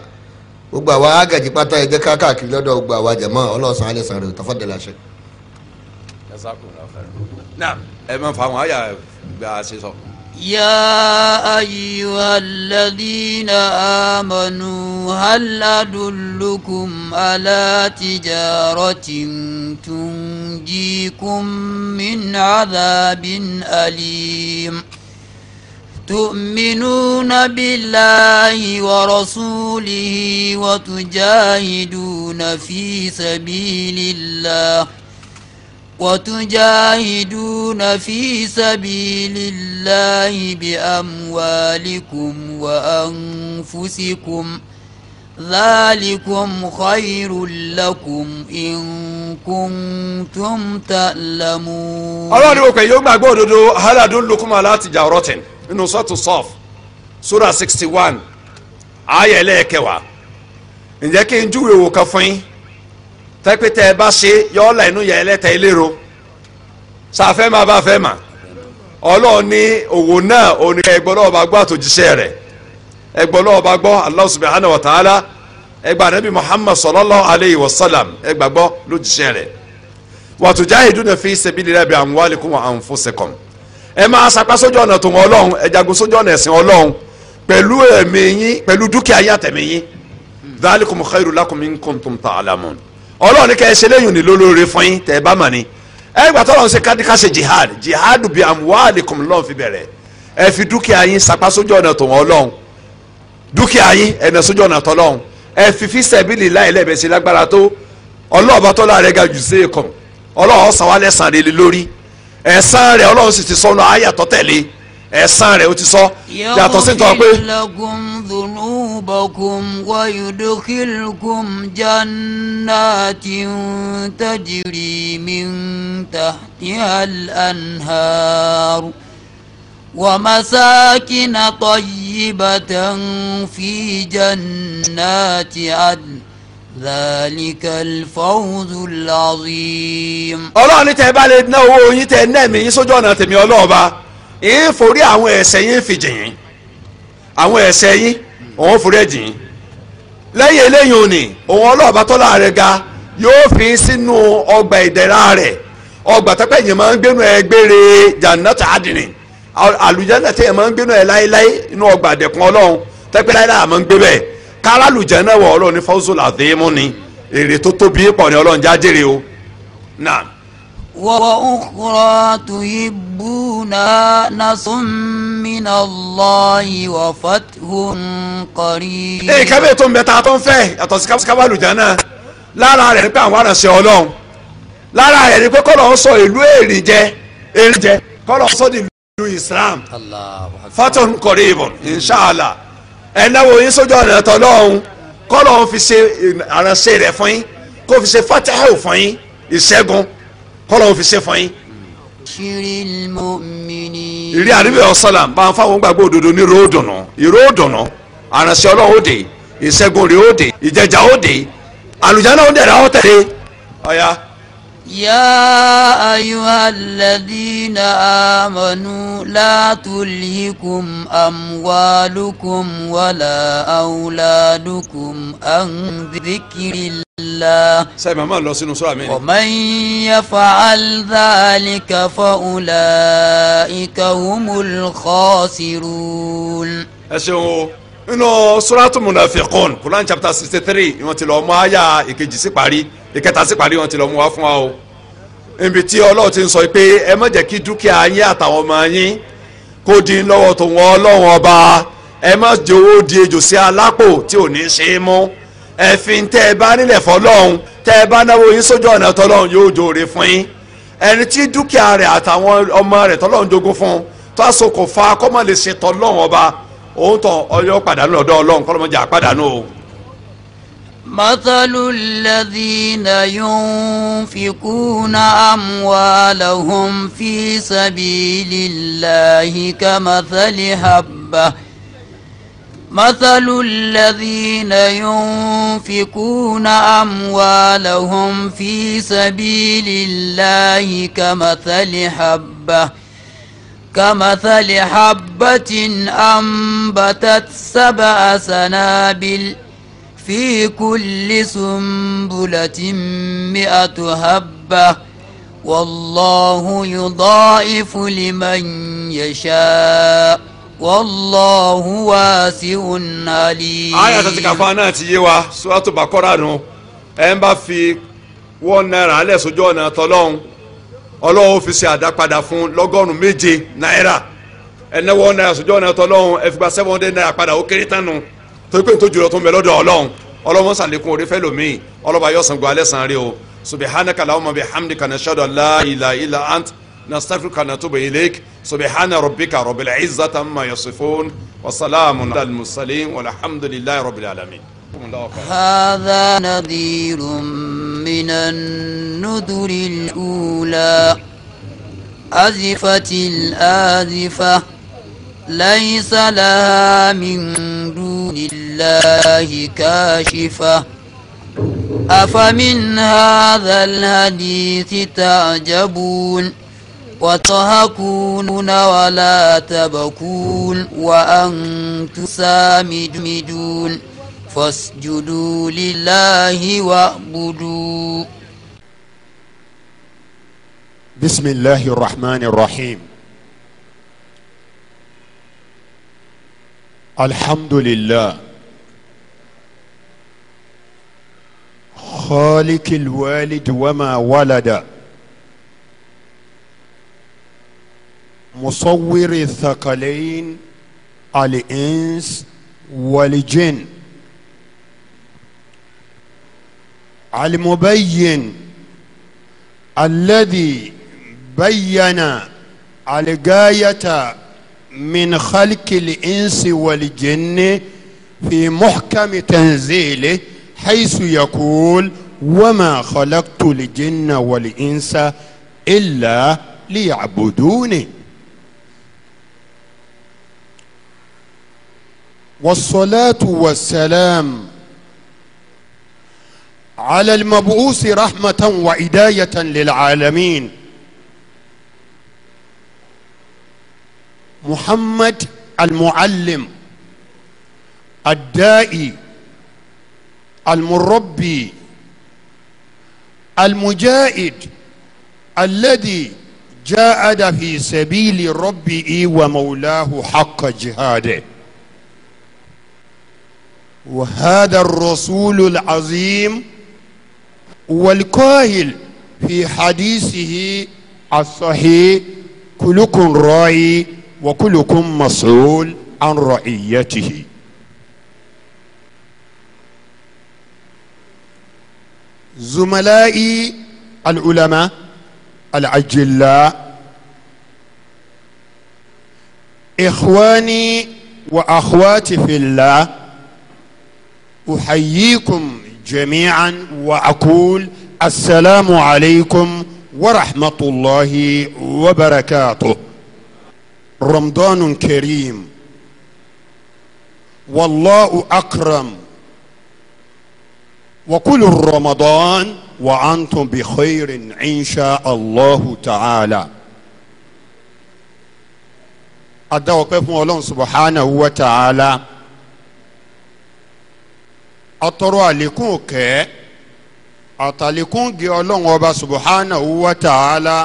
Gbogbo àwa agaji pátá ẹgbẹ́ káàkiri lọ́dọ̀ gbogbo àwa jẹ̀mọ́ ọlọ́sàn-án alẹ́ sàn tafadala ṣe. Ẹ يا أيها الذين آمنوا هل أدلكم على تجارة تنجيكم من عذاب أليم تؤمنون بالله ورسوله وتجاهدون في سبيل الله وتجاهدون في سبيل الله بأموالكم وأنفسكم ذلكم خير لكم إن كنتم تعلمون ọlọ́run ìwòkè yóò gbàgbọ́ òdodo haladullukum ala tijaratin nínú sọ́ọ̀tù sọ́ọ̀f sura sixty one ayẹ̀lẹ́ẹ̀kẹwàá ǹjẹ́ kí n júwèé wò kan fún yín tẹ́pẹ́ tẹ́ ẹ bá ṣe yọ ọ́là inú yẹ ẹlẹ́tẹ̀ eléro sàfẹ́ máa bá fẹ́ mà ọlọ́run ní òwò náà òní ẹgbọ́n náà bá gbọ́ àtòjíṣẹ́ rẹ̀ ẹgbọ́n náà bá gbọ́ Allah subhanahu wa ta'ala ẹgbà nabi Muhammad sallallahu alayhi wa sallam ẹgbà gbọ́ lójíṣẹ́ rẹ̀ watujahiduna fi sabilillahi bi amwalikum wa anfusikum ẹ máa sapá sójú ọ̀nà tó wọn ọlọ́run ẹ jagun sójú ọ̀nà ẹ̀sìn ọlọ́run pẹ̀lú ẹ̀mí yín pẹ̀lú dúkìá yín àtẹ̀mí yín dhalikum khairu lakum in kuntum ta'lamun ọlọ́run ní kẹ́hìn ṣẹlẹ́yìn ní lólóore fún yín tẹ̀ ẹ bá mà ní ẹ gbà tọ́lọ́run ṣe ká ṣe jihad jihad bíi amwalikum lọ́n fi bẹ̀rẹ̀ ẹ fi dúkìá yín sapá sójú ọ̀nà tòun ọlọ́run dúkìá yín ẹ̀nà sójú ọ̀nà tọ́lọ́run ẹ fi fi sẹ́bìlì láì lẹ́bẹ̀ẹ́ sí lágbára tó ọlọ́ọ̀bá tọ́lá rẹ̀ ga jù sí ẹ̀kọ́ ọlọ́ọ̀ sàn sàn lé lórí ẹ̀sán rẹ̀ ọlọ́run sì ti sọnù ayàtọ̀ tẹ̀lé ẹ̀san rẹ̀ o ti sọ yàtọ̀ sí nǹkan pé. yọkùnfìlẹ̀kùn dùnúbọ̀kùn wọ̀yùdókìlùkùn jọ́nà tí ń tọ́jìrì mi ń ta ní àlànhàrù. ومساكن طيبة في جنات عدن ọlọ́run ní tẹ́ ẹ bá lè ná owó yín tẹ́ ẹ ná ẹ̀mí yín sójú ọ̀nà tèmi ọlọ́ọ̀ba yín forí àwọn ẹ̀ṣẹ̀ yín fi jìn yín àwọn ẹ̀ṣẹ̀ yín òun forí ẹ̀ jìn yín lẹ́yìn eléyìí òní òun ọlọ́ọ̀bá ga yóò fi sínú ọgbà ìdẹ̀ra rẹ̀ ọgbà tẹ́pẹ́ yìí máa ń gbénu ẹ gbére jannata adìrin àlùjáná tẹ́ ẹ̀ máa ń gbénu ẹ láéláé inú ọgbà àdẹ̀kùn ọlọ́run tẹ́pẹ́ láéláé àmọ́ ń gbé bẹ́ẹ̀ kára àlùjáná wọ̀ ọlọ́run ní ni èrè tó tóbi pọ̀ ní ọlọ́run jáde rè o náà. وأخرى تحبون نصر من الله وفتح قريب. ee kábíyè tó ń bẹ tá a tó ń fẹ́ yàtọ̀ sí kábàlù jánà lára rẹ̀ ni pé àwọn aránṣẹ́ ọlọ́run lára rẹ̀ ni pé kọ́lọ̀ ń sọ ìlú èrè jẹ èrè jẹ kọ́lọ̀ ń sọ di ìlú Islam fatun koribun inshallah ẹ̀dáwó yín sójú ọ̀nà tọ́lọ́run kọ́lọ̀ ń fi ṣe eh, aránṣẹ́ rẹ̀ fún yín kó fi ṣe fatahu fún yín ìṣẹ́gun kọ́lọ̀ òfin ṣe fún yín. bashiril mu'minin. ìrí àríwẹ̀ ọ̀sálà bá ń fáwọn gbàgbọ́ òdodo ní ìró òdùnnú ìró òdùnnú àránṣẹ́ ọlọ́run òde ìṣẹ́gun rè òde ìjẹjà òde àlùjáná òde rà ó tẹ̀lé. ọ̀ya. yá ayyuhalladhina amanu la tulhikum amwalukum wala awladukum an dhikrillah. الله ومن يفعل ذلك فأولئك هم الخاسرون nínú suratu munafikun Quran chapter sixty three wọ́n ti lọ mú àyà ìkejì sí parí ìkẹta sí parí wọ́n ti lọ mú wá fún wa o ibi tí Ọlọ́run ti ń sọ pé ẹ má jẹ́ kí dúkìá yín àtàwọn ọmọ yín kó di lọ́wọ́ tó wọn Ọlọ́run ọba ẹ má jẹ́ owó di ejò sí alápò tí ò ní í ṣe é mú ẹ̀fin tẹ́ ẹ bá nílẹ̀ fọlọ́hún tẹ́ ẹ bá náwó yín sójú ọ̀nà tọlọ́hún yóò jòrè fún yín ẹni tí dúkìá rẹ̀ àtàwọn ọmọ rẹ̀ tọlọ́hún jogún fún tó kò fa kọ́mọ lè ṣe tọlọ́hún ọba òun tọ ọyọ́ pàdánù lọ́dọ̀ ọlọ́hún kọ́lọ́mọjà pàdánù o. مثل الذين ينفقون أموالهم في سبيل الله كمثل حبة مثل الذين ينفقون أموالهم في سبيل الله كمثل حبة كمثل حبة أنبتت سبع سنابل في كل سنبلة مئة حبة والله يضاعف لمن يشاء wallahu wasi'un alim. àyà àti kàfá náà ti yé wa suratu Baqara nù ẹ ń bá fi wọ́n náírà alẹ́ sójú ọ̀nà tọ́lọ́hún ọlọ́run fi ṣe àdápadà fún lọ́gọ́rùn-ún méje náírà ẹnáwó náírà sójú ọ̀nà tọ́lọ́hún ẹ fi gba seven hundred náírà padà ó kéré tán nù tó pé tó jùlọ tó ń bẹ lọ́dọ̀ ọlọ́run ọlọ́run sàlékún orí fẹ́ lòmíì ọlọ́ba سبحان ربك رب العزة ما يصفون وسلام على المرسلين والحمد لله رب العالمين هذا نذير من النذر الأولى أزفت الآزفة ليس لها من دون الله كاشفة أفمن هذا الحديث تعجبون وتهكون ولا تبكون وأنتم سامدون فاسجدوا لله واعبدوا بسم الله الرحمن الرحيم الحمد لله خالق الوالد وما ولد مصور الثقلين الإنس والجن المبين الذي بين الغاية من خلق الإنس والجن في محكم تنزيله حيث يقول وما خلقت الجن والإنس إلا ليعبدوني والصلاة والسلام على المبعوث رحمة وإداية للعالمين محمد المعلم الدائي المربي المجاهد الذي جاءد في سبيل ربه ومولاه حق جهاده وهذا الرسول العظيم والكاهل في حديثه الصحيح كلكم راعي وكلكم مسؤول عن رعيته زملائي العلماء العجلاء إخواني وأخواتي في الله احييكم جميعا واقول السلام عليكم ورحمه الله وبركاته رمضان كريم والله اكرم وكل رمضان وانتم بخير ان شاء الله تعالى ادعو كيف سبحانه وتعالى atọrọ àlékún òkè àtàlékún gé ọlọ́run ọba subahánahu wa ta'ala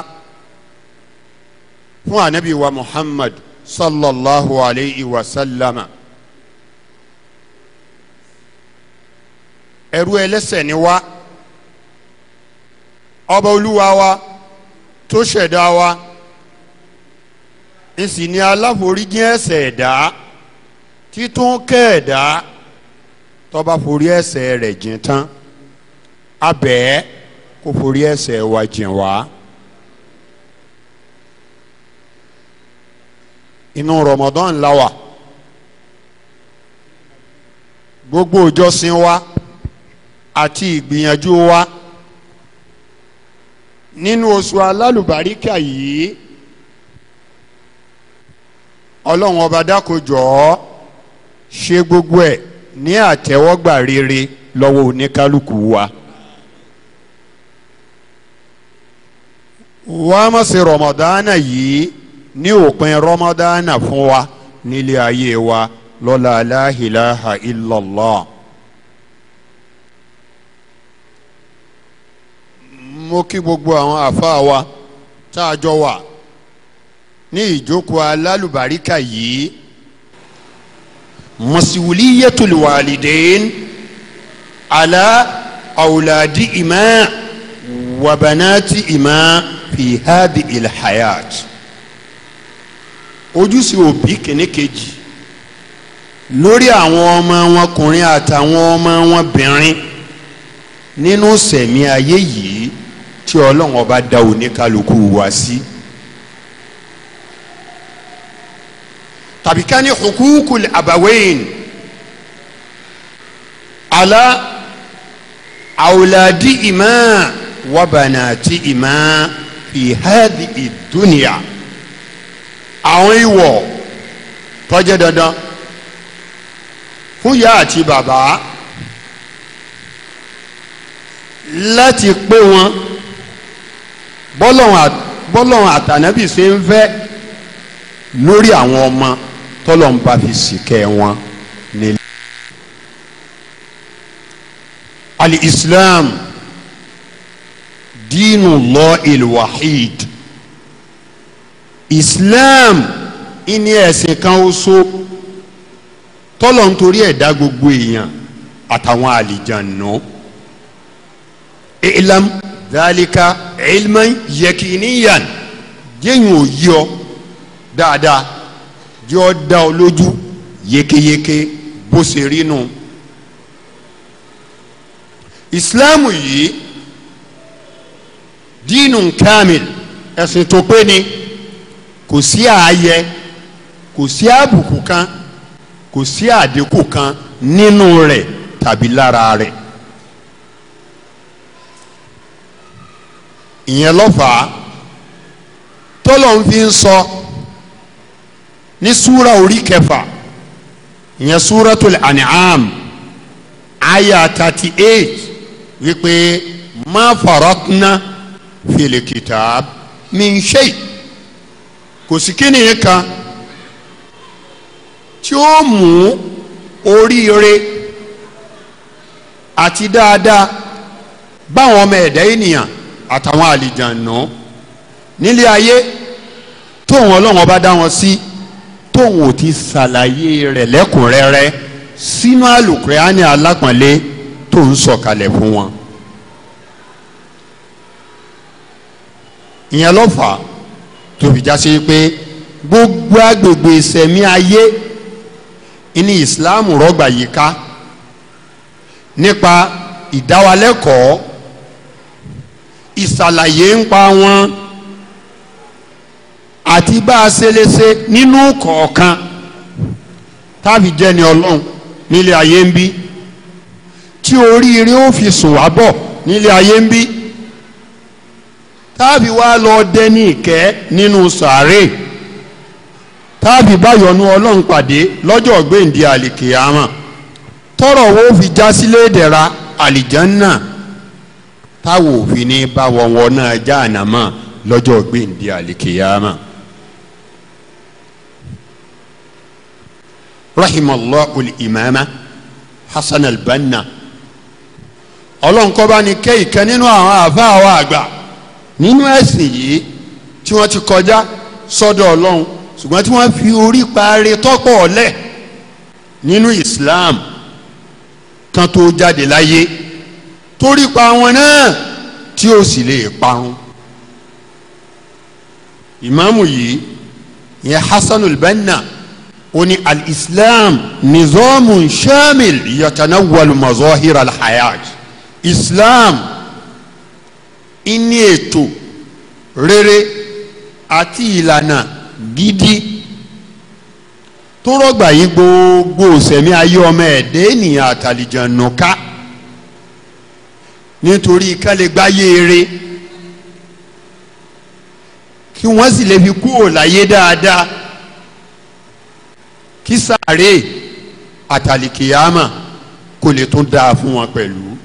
fún anabi wa muhammad sallallahu alayhi wa sallama ẹrú ẹlẹ́ṣẹ̀ ni wá ọba olúwa wa tó ṣẹ̀dá wa n sì ní aláforíjì ẹ̀ṣẹ̀ ẹ̀dá títún kẹ́ ẹ̀dá tó bá forí ẹ̀ṣẹ̀ rẹ̀ jìn tán a bẹ̀ ẹ́ kó forí ẹ̀ṣẹ̀ wa jìn wá. inú Ramadan la wà gbogbo ìjọsìn wa àti ìgbìyànjú wa nínú oṣù alálùbáríkà yìí ọlọ́run ọba dákojọ́ ṣe gbogbo ẹ̀ ní àtẹ́wọ́gbà rere lọ́wọ́ oníkálukú wa. wàá má ṣe rọmọdánà yìí ní òpin rọmọdánà fún wa nílé ayé wa lọ́la aláhìláhà illallah. mo kí gbogbo àwọn àfáà wa tá a jọ wà ní ìjókòó alálùbáríkà yìí masiwuliyatul walidain ala awuladi ima wa banati ima fi hadi ilhayat ojúṣe òbí kìnnìkejì lórí àwọn ọmọ wọn kùnrin àtàwọn ọmọ wọn bìnrin nínú sẹ̀mí ayé yìí tí ọlọ́run ọba dá oníkálukú wá sí. Si tàbí ká ní hukukul abawain ala awuladi ima wabanati ima fi hadi iduniya àwọn ìwọ tó jẹ́ dandan fún ìyá àti bàbá láti pé wọn bọ́lọ̀hún àtànábì ń fẹ́ lórí àwọn ọmọ tọ́lọ̀ ń bá fi wọn nílẹ̀. al-islam diinu Allahil wahid islam ìní ẹ̀sìn kan oṣó tọ́lọ̀ ń torí ẹ̀dá gbogbo èèyàn àtàwọn àlìjànú ìlàm dhalika ilman yakiniyan jẹ́yìn òye ọ dáadáa jẹ́ ọ́ dá ọ lójú yékéyéké bó ṣe rí nu ìsìláàmù yìí dínú kamil ẹ̀sìn tó pé ni kò sí ààyè kò sí àbùkù kan kò sí àdínkù kan nínú rẹ̀ tàbí lára rẹ̀. ìyẹn ló tọ́lọ́ ń fi ń sọ. So, ní súra orí kẹfà ìyẹn súratul an'am aya thirty eight wípé ma faratna fil kitab min shay kò sí kíni kan tí ó mú oríire àti dáadáa báwọn ọmọ ẹ̀dá ènìyàn àtàwọn àlìjànà nílé ayé tóun ọlọ́run ọba dá wọn sí. Si tóun ò ti ṣàlàyé rẹ̀ lẹ́kùnrẹ́rẹ́ sínú àlùkùránì alápọ̀nlé tó ń sọ̀kalẹ̀ fún wọn. ìyẹn ló fà á tó fi já sí pé gbogbo agbègbè ìsẹ̀mí ayé ní ìsìláàmù rọgbà yìí ká nípa ìdáwalẹ́kọ̀ọ́ ìsàlàyé ń pa wọn àti bá a ṣe lè ṣe nínú kọ̀ọ̀kan tábì jẹ́ ni ọlọ́run nílé ayé ń bí tí oríire ó fi sùn wá bọ̀ nílé ayé ń bí tábì wá lọ dẹni ìkẹ́ nínú sàárè tábì báyọ̀nù ọlọ́run pàdé lọ́jọ́ gbèǹdé àlìkìyàmọ̀ tọrọ wo fi já sílé ìdẹ̀ra àlìjánná táwo òfin ní bá wọn wọn náà já ànámọ́ lọ́jọ́ gbèǹdé àlìkìyàmọ̀. rahimallahu al-imama hasan al-banna ọlọ́run kọ́ bá ní kẹ́ ìkẹ́ nínú àwọn àfa àwọn àgbà nínú ẹ̀sìn yìí tí wọ́n ti kọjá sọ́dọ̀ ọlọ́run ṣùgbọ́n tí wọ́n fi orí parí tọ́pọ̀ ọ̀lẹ́ nínú islam kan tó jáde láyé torí pa wọn náà tí ó sì lè parun ìmáàmù yìí ìyẹn hasanul banna ó ní al-islam nizomu shamil yatanawwal mazahir al-hayat islam ìní ètò rere àti ìlànà gidi tó rọgbà yí gbogbo sẹ̀mí ayé ọmọ ẹ̀dẹ́ ènìyàn àtàlìjànù ká nítorí ká kí wọ́n sì lè fi kúrò láyé dáadáa kí sáré àtàlìkìyàmà kò lè tún dáa fún wọn pẹ̀lú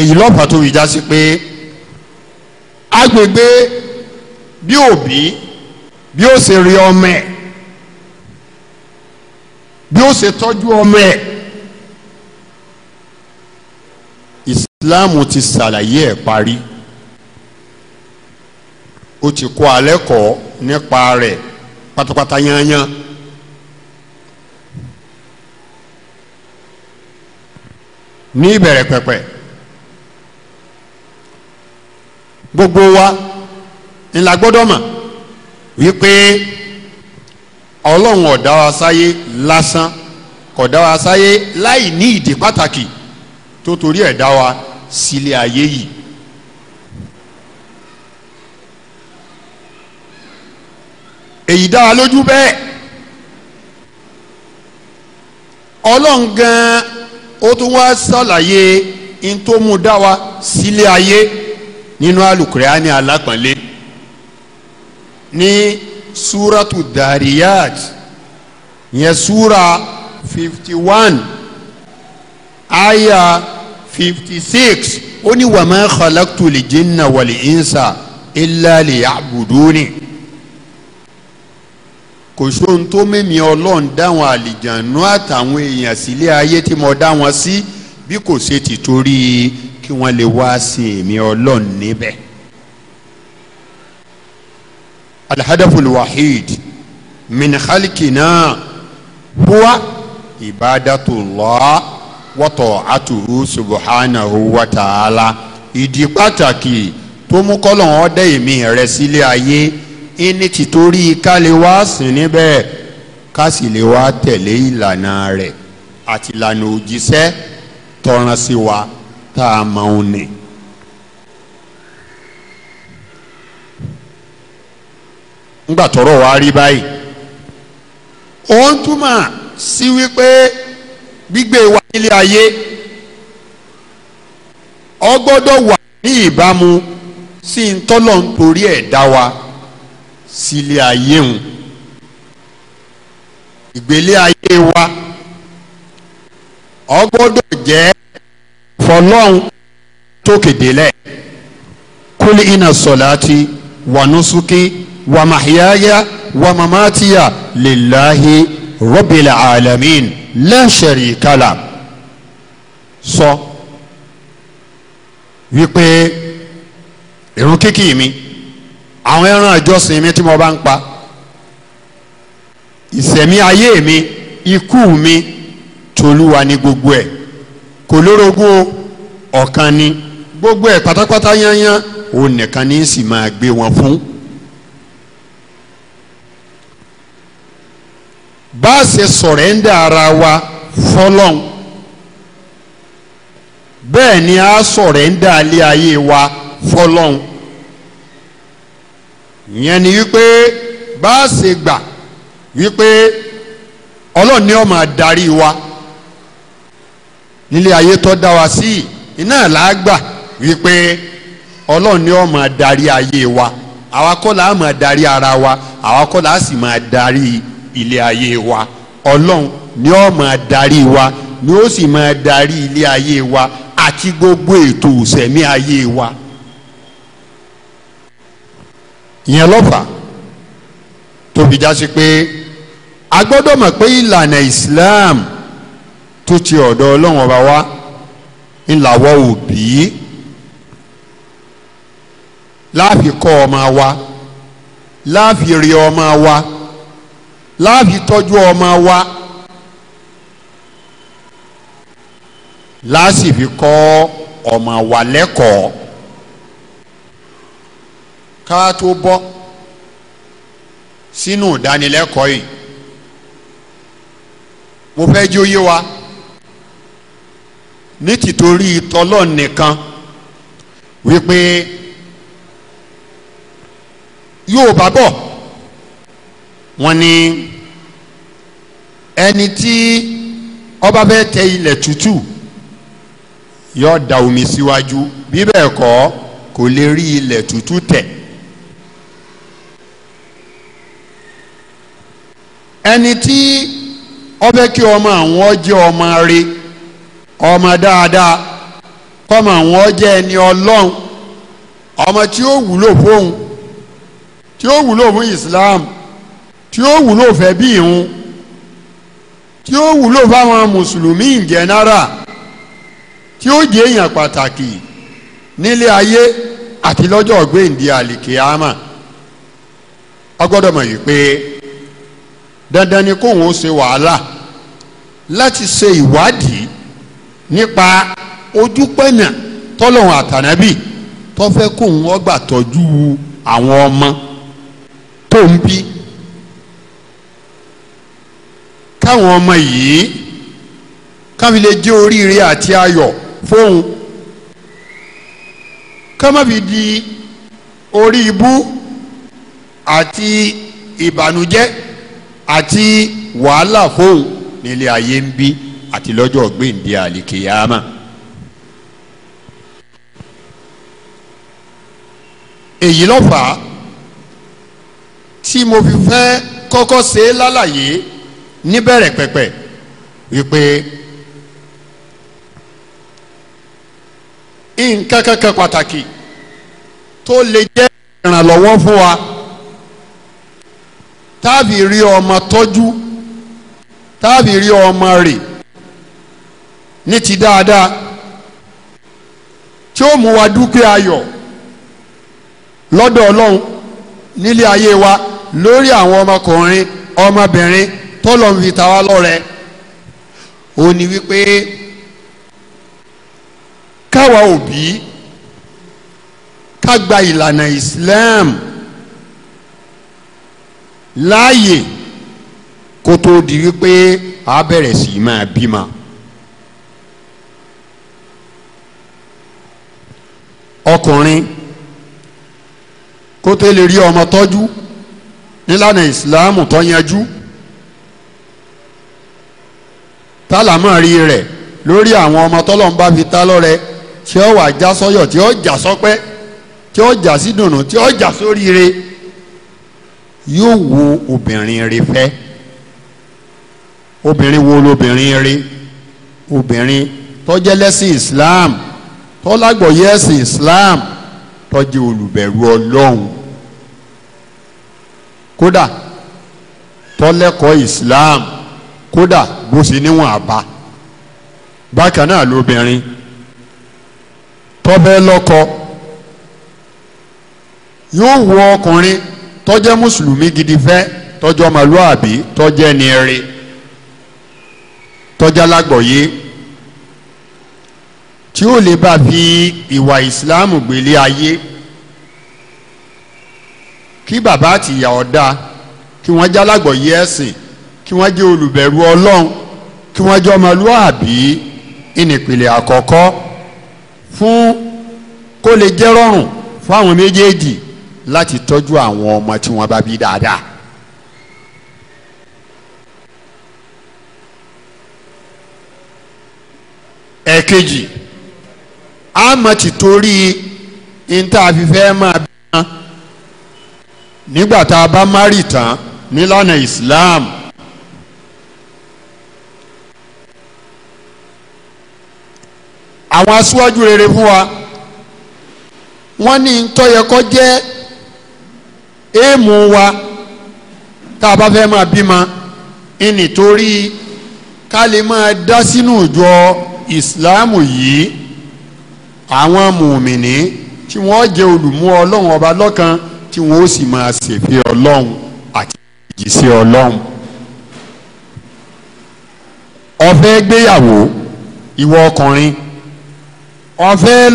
èyí lọ́pàá tó yíjá sí pé agbègbè bí òbí bí ó ṣe rí ọmọ ẹ̀ bí ó ṣe tọ́jú ọmọ ẹ̀ Islam ti ṣàlàyé ẹ̀ parí ó ti kọ́ alẹ́ kọ́ nípa rẹ̀ pátápátá yányán ní ìbẹ̀rẹ̀ pẹ̀pẹ̀ gbogbo wa ńlá gbọ́dọ̀ mọ̀ wípé ọlọ́run ọ̀dá wa sáyé lásán kò dá wa sáyé láì ní ìdí pàtàkì tó torí ẹ̀ wa sílé ayé yìí èyí dá wa lójú bẹ́ẹ̀ ọlọ́run gan ó tún wá sàlàyé n tó mú dá wa sílé ayé nínú alukurani alápọ̀nlé ní súratu dariyat yẹn súra fifty one aya fifty six ó ní wàmẹ́ khalaqtu lìjìnnà wal insa illa liya'buduni kò sóhun tó mímí ọlọ́run dáwọn àlìjànú àtàwọn èèyàn sílé ayé tí mo dá wọn sí bí kò ṣe ti torí kí wọ́n lè wá sin èmi ọlọ́run níbẹ̀. alhadaful wahid min huwa ibadatullah wa ta'atuhu subhanahu wa ta'ala ìdí pàtàkì tó mú kọ́lọ́hún ọdẹ èmi rẹ̀ sílé ayé. Si ẹni tìtorí ká lè wá sìn níbẹ̀ ká sì lè wá tẹ̀lé ìlànà rẹ̀ àti ìlànà òjíṣẹ́ tọ́ran sí wa tá a mọ̀ ọ́n ni. ńgbà rí báyìí ó ń túmọ̀ sí wípé gbígbé wa nílé ayé ọ gbọdọ wà ní ìbámu sí ntọ́lọ́ nítorí ẹ̀ dá wa. sílé ayé hùn ìgbélé ayé wa ó gbọ́dọ̀ jẹ́ fọlọ́hún tó kéde lẹ̀ kúlí iná sọ̀láti wà nusuki wà màhíyáyá wà màmátíyà lillahi rabbil alamin sọ wípé irun kíkì mi. àwọn ẹran àjọsìn mi tí mo bá ń pa ìsẹ̀mí ayé mi ikú mi tolúwa ni gbogbo ẹ̀ kò lórogún ọ̀kan ni gbogbo ẹ̀ pátápátá yányán òun nìkan ní sì máa gbé wọn fún. bá a ṣe sọ̀rẹ́ńdà ara wa fọlọ́n bẹ́ẹ̀ ni a sọ̀rẹ́ńdà ilé ayé wa fọlọ́n. yẹn ni wípé bá a ṣe gbà wípé ọlọ́ọ̀ni máa darí wa nílé ayé tó dá wa sí iná làágbà wípé ọlọ́ọ̀ni ó máa darí ayé wa àwa kọ́ là á máa darí ara wa àwa kọ́ là á sì máa darí ilé ayé wa ọlọ́run ni ó máa darí wa ni ó sì máa darí ilé ayé wa àti gbogbo ètò ìṣẹ̀mí ayé wa. ìyẹn lọ́fà tóbi já sí pé a gbọ́dọ̀ mọ̀ pé ìlànà Islam tó ti ọ̀dọ̀ ọlọ́run ọba wa ńláwọ́ òbí láàfi kọ́ ọmọ wa láàfi rí ọmọ wa láàfi ọmọ wa láàsì fi kọ́ ọmọ wa lẹ́kọ̀ọ́ ká tó bọ́ sínú ìdánilẹ́kọ̀ọ́ yìí mo fẹ́ jí ó yé wa ní tìtorí tọlọ́ọ̀ nìkan wípé yóò bá bọ̀ wọ́n ní ẹni tí ọba fẹ́ tẹ ilẹ̀ tútù yóò da omi síwájú bí kọ́ kò lè rí ilẹ̀ tútù tẹ̀. ẹni tí ọbẹ̀ kí ọmọ àwọn jẹ́ ọmọ rí ọmọ dáadáa kọ́mọ àwọn jẹ́ ẹni ọlọ́run ọmọ tí ó wúlò fóun tí ó wúlò fún Islam tí ó wúlò fẹ́ bí ìhun tí ó wúlò fáwọn mùsùlùmí in general tí ó jẹ́ èèyàn pàtàkì nílé ayé àti lọ́jọ́ ọ̀gbẹ́ǹdì àlìkèámà ọgbọ́dọ̀ mọ̀ yìí pé. dandan ni kóun ó ṣe wàhálà láti ṣe ìwádìí nípa ojúpẹ̀nà tọ́lọ́hún àtànábì tó fẹ́ kóun ọgbà tọ́jú àwọn ọmọ tó ń bí káwọn ọmọ yìí káwọn lè jẹ́ oríire àti ayọ̀ fóun ká má fi di orí ibú àti ìbànújẹ́. E àti wàhálà fóun nílé ayé ń bí àti lọ́jọ́ gbèǹde àlìkèyàmà. èyí ló tí mo fi fẹ́ kọ́kọ́ ṣe é lálàyé níbẹ̀rẹ̀ pẹ̀pẹ̀ wípé nǹkan kankan pàtàkì tó lè jẹ́ ìrànlọ́wọ́ fún wa. táàbì rí ọmọ tọ́jú ọma rí ọmọ rè ní ti dáadáa tí ó mú wa dúpẹ́ ayọ̀ lọ́dọ̀ ọlọ́run nílé ayé wa lórí àwọn ọmọkùnrin ọmọbìnrin tọ́lọ́run fi ta wá lọ́rẹ ó ní wípé káwa òbí ká gba ìlànà Islam. láàyè kó tó di wípé a bẹ̀rẹ̀ sí máa bímọ. ọkùnrin kó tó lè rí ọmọ tọ́jú nílànà ìsìláàmù tó yanjú tálámọ̀rí rẹ̀ lórí àwọn ọmọ tọ́lọ́n bá fi ta lọ́rẹ tí ó wà já sọ́yọ̀ tí ó jà sọ́pẹ́ tí ó jà sí dùnú tí ó jà sóríire. So yóò wo obìnrin rẹ̀ fe, obìnrin wo lobìnrin rẹ̀ obìnrin tó jẹ́ Islam tó lágbọ̀ọ́yé Islam tó jẹ́ olùbẹ̀rù Ọlọ́run kódà tó Islam kódà bó ṣe Aba, àbá bákan náà lobìnrin tó bẹ́ yóò wo ọkùnrin tọ́jẹ́ mùsùlùmí gidi fẹ́ tọ́jọ́ màlúàbí tọ́jẹ́ ni rí tọ́já lágbọ̀yé tí ó lè bá fi ìwà ìsìláàmù gbélé ayé kí bàbá àti ìyá ọ̀dà kí wọ́n já lágbọ̀yé ẹ̀sìn kí wọ́n jẹ́ olùbẹ̀rù ọlọ́run kí wọ́n jẹ́ ọmọlúàbí ìnìpìlẹ̀ àkọ́kọ́ fún kó lè jẹ́ rọrùn fún méjèèjì láti tọ́jú àwọn ọmọ tí wọ́n bá bí dáadáa. ẹ̀kejì a mọ̀ ti torí níta fífẹ́ máa bí wọn nígbà tá a bá má tán nílànà Islam. àwọn aṣíwájú rere fún wa wọ́n ní ntọ́yẹkọ́ jẹ́ èèmù wa tá a bá fẹ́ máa bímọ nítorí ká lè máa dá sínú ìjọ ìsìláàmù yìí àwọn mùmìnì tí wọ́n jẹ́ olùmú ọlọ́run ọba lọ́kan tí wọ́n ó sì máa ṣèfẹ́ ọlọ́run àti ìjì ọlọ́run. ó gbéyàwó ìwọ ọkùnrin ó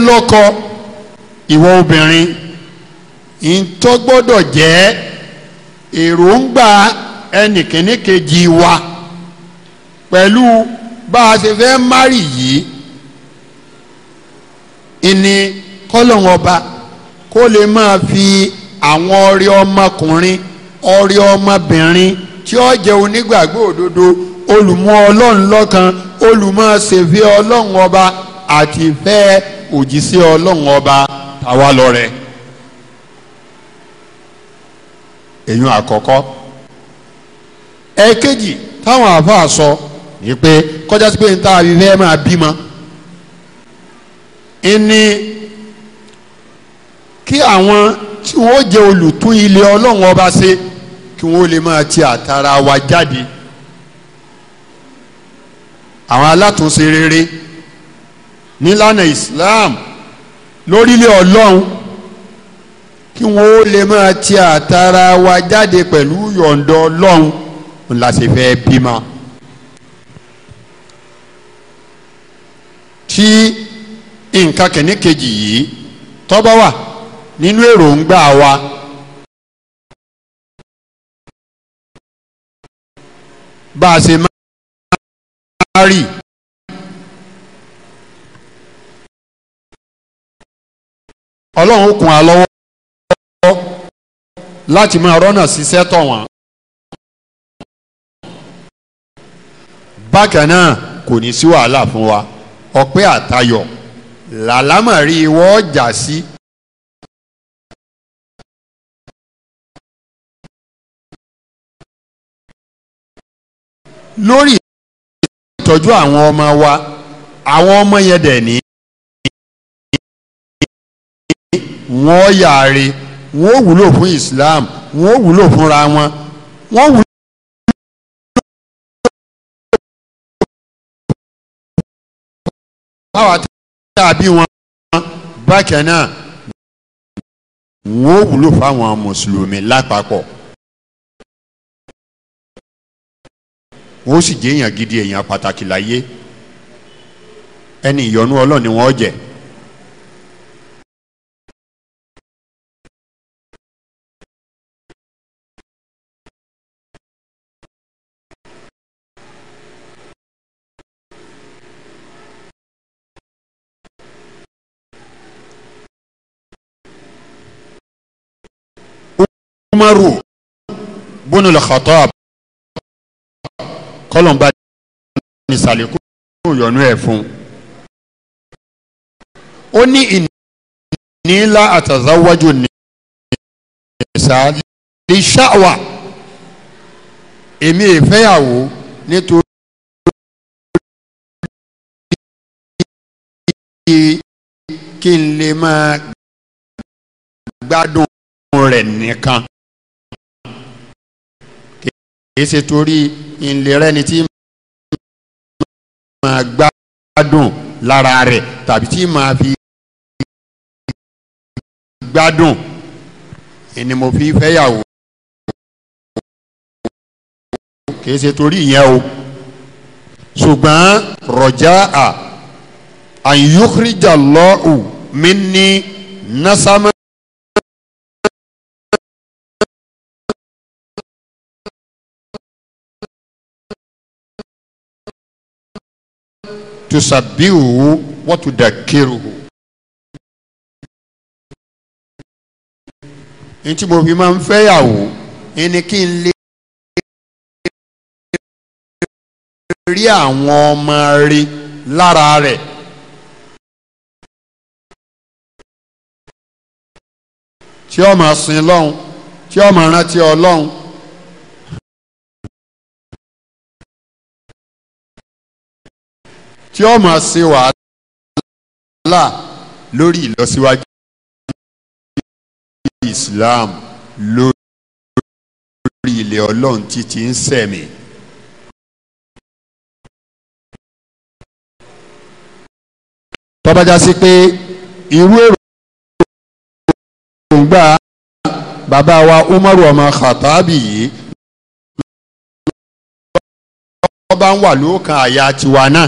lọ́kọ ìwọ obìnrin ntọ́ gbọ́dọ̀ jẹ́ èròǹgbà ẹnìkíní kejì wa pẹ̀lú bá a ṣe fẹ́ márì yìí ìní kọ́lọ́hún ọba kó lè máa fi àwọn ọrẹ ọmọkùnrin ọrẹ ọmọbìnrin tí ó jẹ́ onígbàgbọ́ òdodo olùmọ̀ ọlọ́run lọ́kan olùmọ̀ ṣèfẹ́ ọlọ́run ọba àti ìfẹ́ òjíṣẹ́ ọlọ́run ọba tàwa lọ́rẹ̀ẹ́. èyàn àkọ́kọ́ ẹ̀ẹ̀kejì táwọn àáfàá sọ ni pé kọjá sí pé n ta àbí fẹ́ẹ́ máa bímọ ẹni kí àwọn tí wọ́n jẹ́ olùtún ilé ọlọ́run ọba ṣe kí wọ́n lè máa ti àtàrà wa jáde àwọn alátúnṣe rere nílànà Islam lórílẹ̀ ọlọ́run kí wọn ó lè máa ti àtàrà wa jáde pẹ̀lú yọ̀ǹda ọlọ́run ńlá sì fẹ́ bímọ. tí nǹkan kìíní kejì yìí tọ́bọ̀ wà nínú èròǹgbà wa. bá a ṣe máa rí ọlọ́run kùn wa lọ́wọ́ láti máa rọ́nà ṣiṣẹ́ tọ̀ wọ́n. bákan náà kò ní sí wàhálà fún wa ọpẹ́ àtayọ̀ làlámọ̀rí ìwọ ọjà sí. lórí ìtọ́jú àwọn ọmọ wa àwọn ọmọ yẹn dẹ̀ ní wọ́n yáa rí wọ́n ó wúlò fún Islam wọ́n ó wúlò fúnra wọn wọ́n wúlò. báwa tàbí wọn bákan náà wọ́n ó wúlò fáwọn mùsùlùmí lápapọ̀ wọ́n ó sì jẹ́ èèyàn gidi èèyàn pàtàkì láyé ẹni ìyọ́nú Ọlọ́run wọ́n jẹ́. umaru bunu al-Khattab kọlọmba ní sàlékún yọnu ẹ fún ó ní ìnílá àtàzáwájú ní ìsà lè ṣáwà èmi ìfẹ́yàwó nítorí kí n lè máa gbádùn rẹ̀ nìkan kì í ṣe torí ìlera ẹni tí máa gbádùn lára rẹ̀ tàbí tí máa fi gbádùn ẹni mo fi fẹ́yàwó kì í ṣe torí ìyẹn o ṣùgbọ́n rọ̀já à àyùkúrìjà lọ́ọ̀ù mi ní násámẹ́. tusabihu wa tudakiruhu. n tí mo fi máa ń fẹ́yàwó ẹni kí n lè rí àwọn ọmọ rí lára rẹ̀. tí ó máa sin lọ́hùn tí ó rántí Ọlọ́hun tí ó máa ṣe wàhálà lórí ìlọsíwájú Islam lórí ilẹ̀ ọlọ́run títí ń sẹ̀mí. tọ́bajá sí pé irú èròǹgbà bàbá wa Umaru ọmọ Khatabi yìí lọ́ba ń wà lóòkan àyà tiwa náà.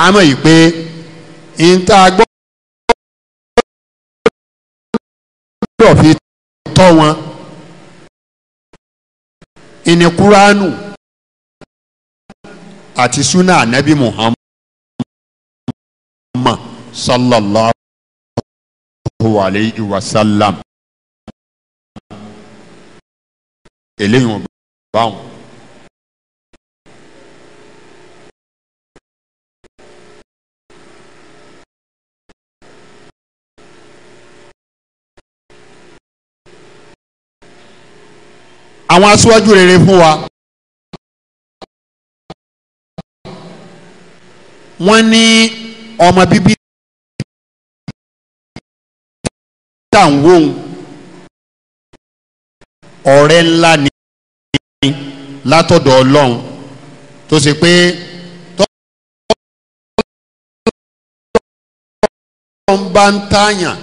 àmọ́ yìí pé ìta gbọ́dọ̀ fi tọ́ wọn ìní kúránù àti súnà ànábì Muhammad sallallahu alayhi wa sallam eléyìí wọn bá wọn. àwọn aṣíwájú rere fún wa wọ́n ní ọmọ bíbí tá ń wóhun ọ̀rẹ́ ńlá ni látọ̀dọ̀ ọlọ́run tó ṣe pé tọ́lọ́run bá ń tààyàn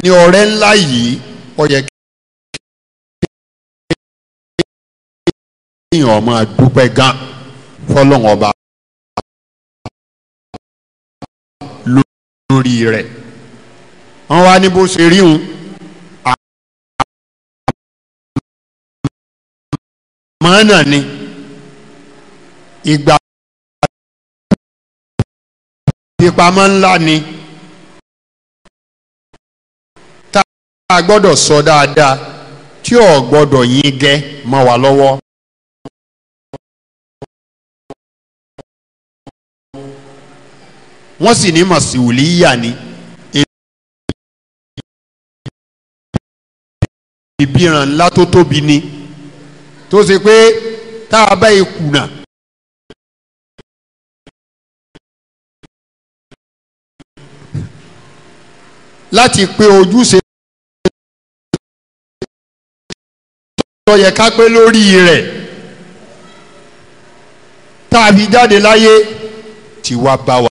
ní ọ̀rẹ́ ńlá yìí èèyàn ọmọ dúpẹ́ gan fọlọ́wọ́n ọba lórí rẹ̀ wọ́n wá ní bó ṣe rí un mọ́nà ni ìgbà ìpamọ́ ńlá ni tá a gbọ́dọ̀ sọ dáadáa tí ò gbọ́dọ̀ yín gẹ́ mọ́ wa lọ́wọ́. wọ́n sì ní màsíwìlíyà ni ìbíràn ńlá tó tóbi ni tó ṣe pé tá a bá yìí kùnà. láti pé ojúṣe tó yẹ ká pé lórí rẹ̀ tá a fi jáde láyé tí wàá bá wa.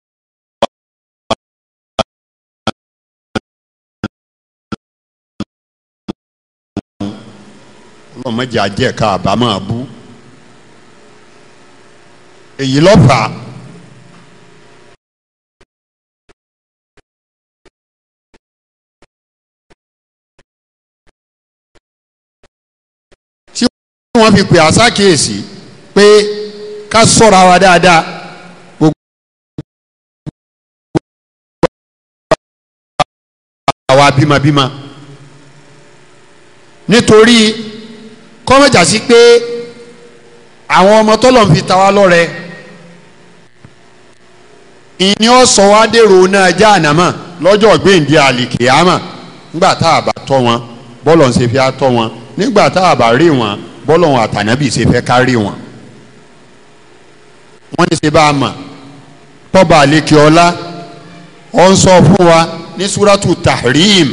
ọlọ́run má jẹ́ ajẹ́ ká àbámọ̀ abú èyí lọ́fà. tí wọ́n fi pè àsákìyèsí pé ká sọ̀rọ̀ àwa dáadáa. àwa bímabíma nítorí kọ́mẹ́jà sí pé àwọn ọmọ tọ́lọ̀ ń fi ta wá lọ́rẹ́ ìní ọ̀sọ̀ wa dèrò náà já ànámọ̀ lọ́jọ́ gbèǹdé àlìkèámà nígbà tá a bá tọ́ wọn bọ́lọ̀ ń ṣe fi tọ́ wọn nígbà tá a bá rí wọn bọ́lọ̀ wọn àtànábì ṣe fẹ́ ká rí wọn. wọ́n ní ṣe bá a mọ̀ tọ́ba àlekè ọlá ọ̀ ń sọ fún wa ní súrátù tahrim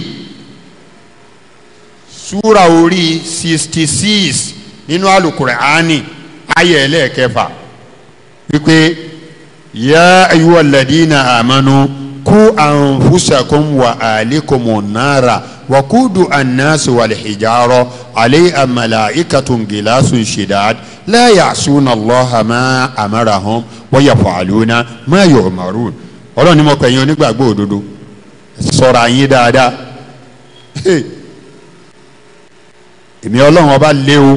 súra orí sixty six nínú alukur'ani ayé ẹlẹ́ẹ̀kẹfà wípé yá ayúwà ladina àmánú kú ànfúsàkùn wà àlékùmù náírà wà kúdù ànásù wà lìhìjárọ àlẹ́ àmàlà ìkàtún gíláṣù ṣìdáàd láyà súnà lọ́hàmà àmàràhàn wọ́yà fàlùnà máyò màrún ọlọ́run ni pẹ̀yìn onígbàgbọ́ òdodo sọ̀rọ̀ àyín dáadáa èmi ọlọ́run ọba lé o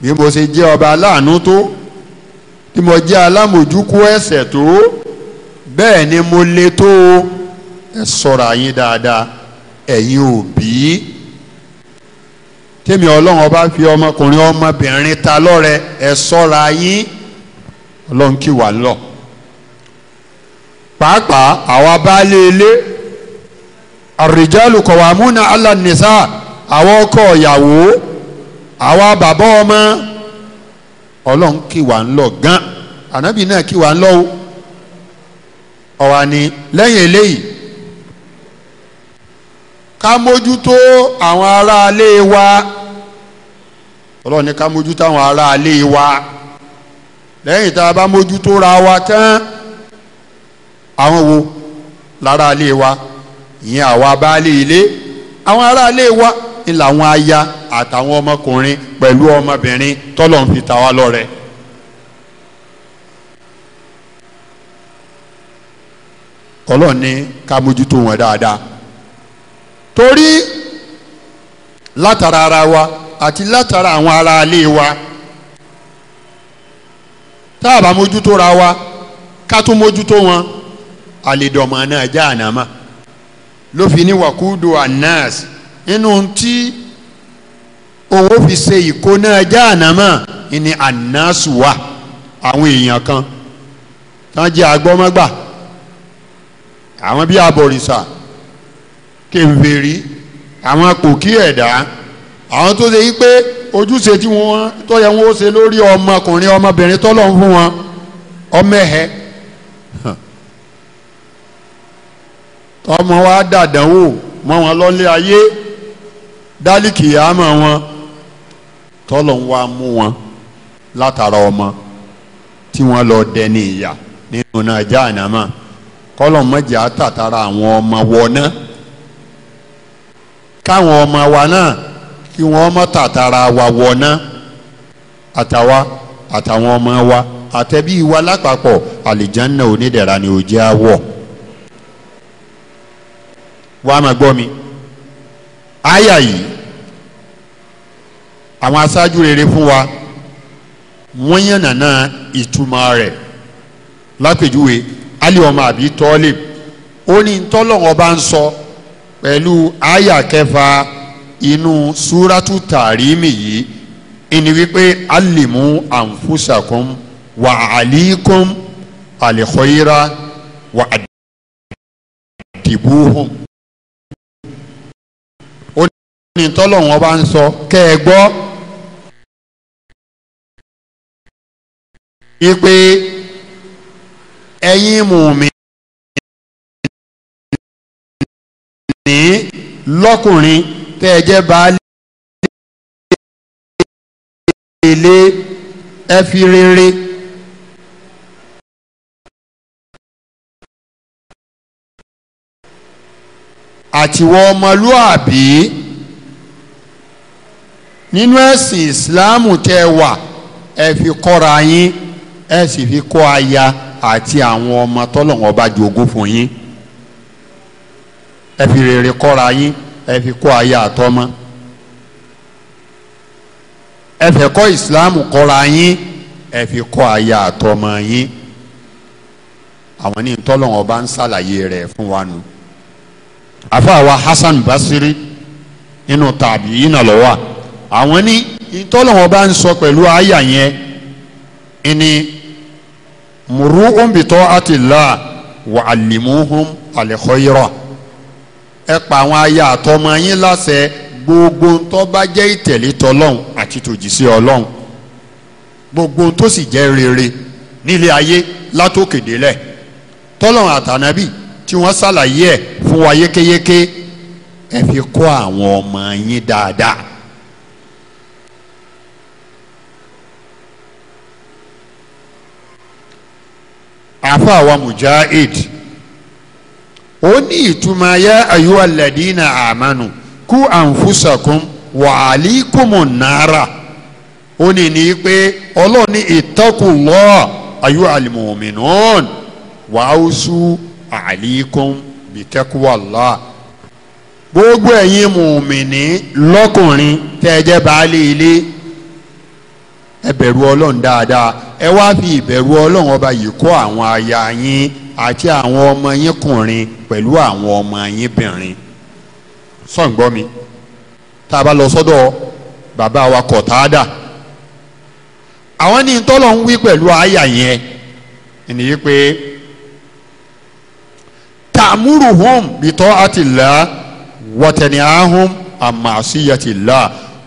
bí mo ṣe jẹ́ ọba aláàánú tó bí mo jẹ́ alámòjúkú ẹ̀ṣẹ̀ tó bẹ́ẹ̀ ni mo lè tó o ẹ sọ̀rọ̀ àyín dáadáa ẹ̀yin òbí tèmi ọlọ́run ọba fi ọmọkùnrin ọmọbìnrin ta lọ́rẹ ẹ sọ̀rọ̀ àyín ọlọ́run kì wá lọ pàápàá àwa baálé ilé àrìjálù kọ̀wámúnà alánìsáà àwọn ọkọ ìyàwó àwa bàbá ọmọ ọlọ́run kì wá ń lọ gan ànábì náà kì wá ń lọ o ọ̀wà ni lẹ́yìn eléyìí ká mójútó àwọn aráalé wa ọlọ́run ní ká mójútó àwọn aráalé wa lẹ́yìn tá a bá mójútó ra wa tán àwọn wo lára ilé wa ìyẹn àwa baálé ilé àwọn aráalé wa ń làwọn aya àtàwọn ọmọkùnrin pẹ̀lú ọmọbìnrin tọ́lọ̀ ń fi ta wá lọ́rẹ. ọlọ́run ní ká mójútó wọn dáadáa torí látara ara wa àti látara àwọn ará ilé wa tá a bá mójútó ra wa ká tún mójútó wọn àlèdọ̀mọ̀ náà já ànámà ló fi ní wàkúùdù anas. inú tí òun fi ṣe ìkóná jáànámà ni ànásùwà àwọn èèyàn kan tán jẹ́ agbọ́mọ́gbà àwọn bíi abọ̀rìṣà kèmfèrí àwọn pòkí ẹ̀dá àwọn tó ṣe yí pé ojúṣe tí wọn tó yẹ wọ́n ṣe lórí ọmọkùnrin ọmọbìnrin tọ́lọ̀ ń fún wọn ọmọ ẹ̀hẹ́ tọmọ wa dàdánwò mọ wọn lọlé ayé. dálíkì àmọ́ wọn tọ́lọ̀ ń wá mú wọn látara ọmọ tí wọ́n lọ dẹni ìyà nínú náà jáànámà kọlọ mọ́jà tàtàrà àwọn ọmọ wọn wọná káwọn ọmọ wa náà kí wọ́n mọ́ tàtàrà wa wọná àtàwa àtàwọn ọmọ wa àtẹ̀bí wa lápapọ̀ àlìjánná onídẹ̀ra ni ò jẹ́ àwọ̀ wàá máa gbọ́ mi. àyà yìí àwọn aṣáájú rere fún wa wọ́n yànnàná ìtumọ̀ rẹ̀ lápèjúwe Ali ọmọ àbí tọ́lẹ̀ ó ní ntọ́lọ́wọ́n bá ń sọ pẹ̀lú àyà kẹfà inú súrátù tàrímì yìí ìní wípé alimu anfusakum wa alikum alikhoira wa adibuhum. ní tọ́lọ́wọ́n bá ń sọ kẹ́ ẹ gbọ́ wípé ẹ̀yin mùmí ní lọ́kùnrin tẹ́ ẹ jẹ́ baálé ilé ẹ fi rere. àtiwọ́ ọmọlúàbí. nínú ẹ̀sìn ìsìláàmù tẹ́ ẹ wà ẹ fi kọ́ra yín ẹ sì fi kọ́ aya àti àwọn ọmọ tọ́lọ̀wọ́n bá jogún fún yín ẹ fi rere kọ́ra yín ẹ fi kọ́ aya àtọ́mọ́ ẹ fẹ́ kọ́ ìsìláàmù kọ́ra yín ẹ fi kọ́ aya àtọ́mọ́ yín àwọn ní tọ́lọ̀wọ́n bá ń ṣàlàyé rẹ̀ fún wa nù àfàwà Hasan Basiri nínú tàbí yìí nà lọ́wọ́ à. àwọn ní ìtọ́lọ́wọ́n bá ń sọ pẹ̀lú àyà yẹn ìní muru'un bi ta'atillah wa allimuhum al-khayra ẹ pa àwọn aya àtọmọ yín láṣẹ gbogbo tó bá jẹ́ ìtẹ̀lé tọlọ́hun àti tòjìṣe ọlọ́hun gbogbo tó sì jẹ́ rere nílé ayé látòkè délẹ̀ àtànábì tí wọ́n ṣàlàyé ẹ̀ fún wa yékéyéké ẹ fi kọ́ àwọn ọmọ yín dáadáa àfa àwa mujahid ó ní ìtumọ̀ yá ayuwa ladina amanu kú ànfúsàkùn wàhálíkùmù náírà ó ní ní pé ọlọ́ọ̀ni ìtọ́kùlọ́ ayuwa almu'minun wàhálùsù àhálíkùmù bìtẹ́kùwàlá gbogbo ẹ̀yin mùmìnì lọ́kùnrin tẹ́ ẹ jẹ́ baálé ilé ẹ bẹ̀rù ọlọ́run dáadáa ẹ wá fi ìbẹ̀rù ọlọ́run ọba yìí kọ́ àwọn aya yín àti àwọn ọmọ yín kùnrin pẹ̀lú àwọn ọmọ yín bìnrin sọ̀ǹgbọ́ mi tá a bá lọ sọ́dọ̀ bàbá wa Kọ̀tádà àwọn ní tọ́lọ̀ ń wí pẹ̀lú aya yẹn ènìyí pé ta'muruhum bi ta'atillah wa tanihahum an ma'siyatillah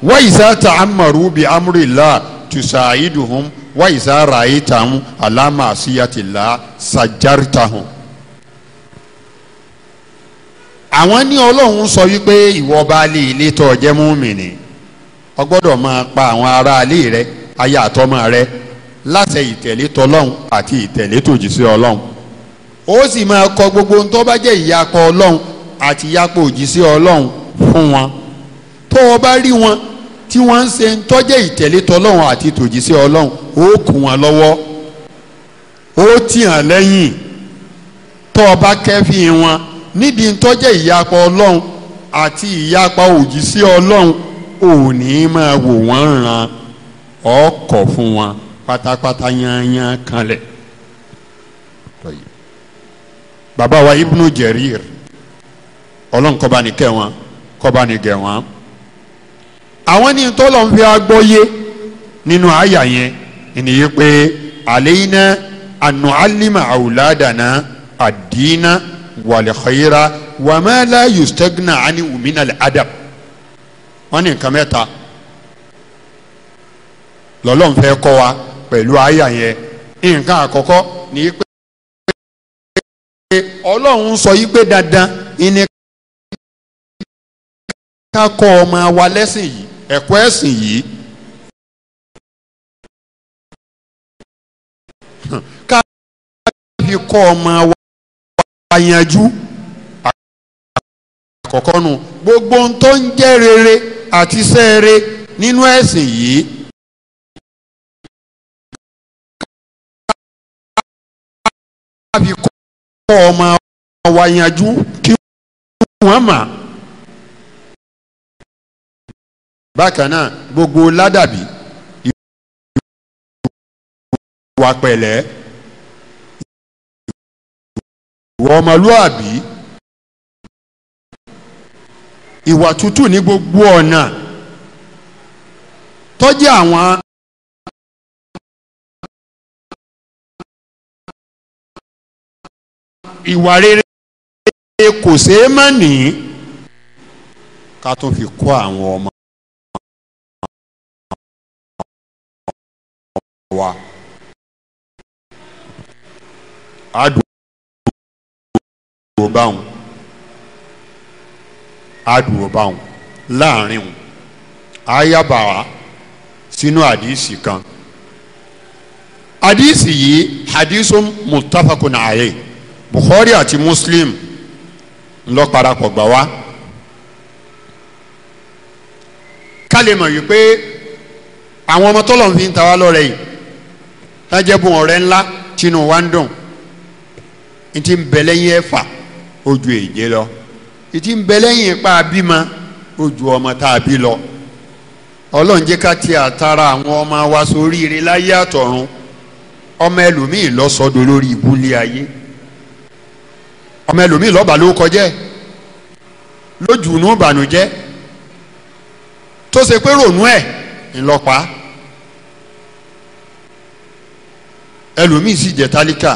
wa iza ta'ammaru bi amrillah. tusaiduhum wa iza raitahum ala ma'siyatillah sajartahum. àwọn ní ọlọ́run sọ wípé ìwọ baálé ilé tó jẹ́ múmìnì o gbọ́dọ̀ máa pa àwọn ará aráalé rẹ ayé àtọmọ rẹ láṣẹ ìtẹ̀lé tọlọ́run àti ìtẹ̀lé tòjíṣẹ́ ọlọ́run ó sì máa kọ gbogbo ohun tó bá jẹ́ ìyapọ̀ ọlọ́run àti ìyapọ̀ òjíṣẹ́ ọlọ́run fún wọn tó o bá rí wọn tí wọ́n ń ṣe ń tọ́jẹ́ ìtẹ̀lé tọlọ́run àti tòjíṣẹ́ ọlọ́run ó kù wọn lọ́wọ́ ó tì hàn lẹ́yìn tó o bá kẹ́fìn wọn nídìí ń tọ́jẹ́ ìyapa ọlọ́run àti ìyapa òjíṣẹ́ ọlọ́run ò ní máa wò wọ́n ràn ọkọ̀ fún wọn pátápátá yányán kanlẹ̀. bàbá wa Ibnu Jarir ọlọ́run kó bá ní kẹ́ wọn kó bá gẹ̀ wọn àwọn ní tọ́lọ̀ ń fi agbọ́yé nínú àyà yẹn ènìyàn pé àléyìnà ànú alima àwùládàna àdínà wàlẹ̀kọ̀yẹ́ra wàmẹ́lá yustagna ani wùmínàlẹ̀ adab wọ́n ní nǹkan mẹ́ta lọ́lọ́run fẹ́ kọ́ wa pẹ̀lú àyà yẹn nǹkan àkọ́kọ́ ní pé ọlọ́run sọ yí pé dandan ìní ká kọ́ ọmọ wa lẹ́sìn yìí ẹ̀kọ́ ẹ̀sìn yìí ká fi kọ́ ọmọ wa yanjú àkọ́kọ́ nu gbogbo ohun tó ń jẹ́ rere àti sẹ́ẹ̀rẹ́ nínú ẹ̀sìn yìí. káàkiri fi kọ́ ọmọ wa yanjú kí wọ́n mà. bákan náà gbogbo ládàbí ìwà pẹ̀lẹ́ ìwà ọmọlúàbí ìwà tútù ní gbogbo ọ̀nà tọ́jú àwọn ìwà rere kò ṣeé ká tún fi ọmọ. àdùwò báwọn àdùwò báwọn láàrin wọn ayábàá sínú àdìsí kan àdìsí yìí àdìsí muttafaqun alayhi Bukhari àti Muslim ńlọ parapọ̀ gbà wá ká lè mọ̀ wípé àwọn ọmọ tọ́lọ̀ ń fi ń ta wá lọ́rẹ̀ yìí lájẹ́ bùn ọ̀rẹ́ ńlá tínú wa ń dùn ntí ń bẹ lẹ́yìn ẹ̀fà ó ju èje lọ ntí ń bẹ lẹ́yìn ipa bímọ ó ju ọmọ tá a bí lọ ọlọ́run jẹ́ ká ti àtàrà àwọn ọmọ wa sórí ire láyé àtọ̀run ọmọ ẹlòmíì lọ́sọdọ̀ lórí ìbúlé ayé ọmọ ẹlòmíì lọ́ba ló kọjẹ́ lójúnú ìbànújẹ́ tó ṣe pé rònú ẹ̀ ńlọpàá ẹlòmíì sì jẹ́ tálíkà.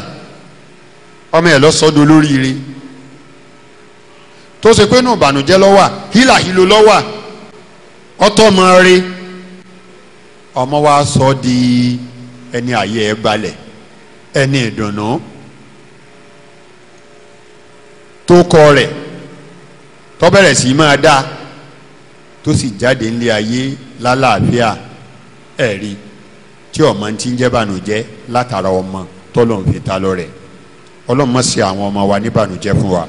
ọmọ ẹ̀ lọ́sọ̀dọ̀ olóríire tó ṣe pé inú ìbànújẹ́ lọ́wà hílàhílo rí ọmọ wa sọ di ẹni àyè ẹ balẹ̀ ẹni ìdùnnú tó kọ rẹ̀ tó bẹ̀rẹ̀ sí máa dá tó sì jáde nílé ayé lálàáfíà ẹ̀rí tí ọmọ ti ń jẹ́ bànújẹ́ látara ọmọ tọ́lọ́ ń ta lọ ọlọ́run má ṣe àwọn ọmọ wa níbànújẹ́ fún wa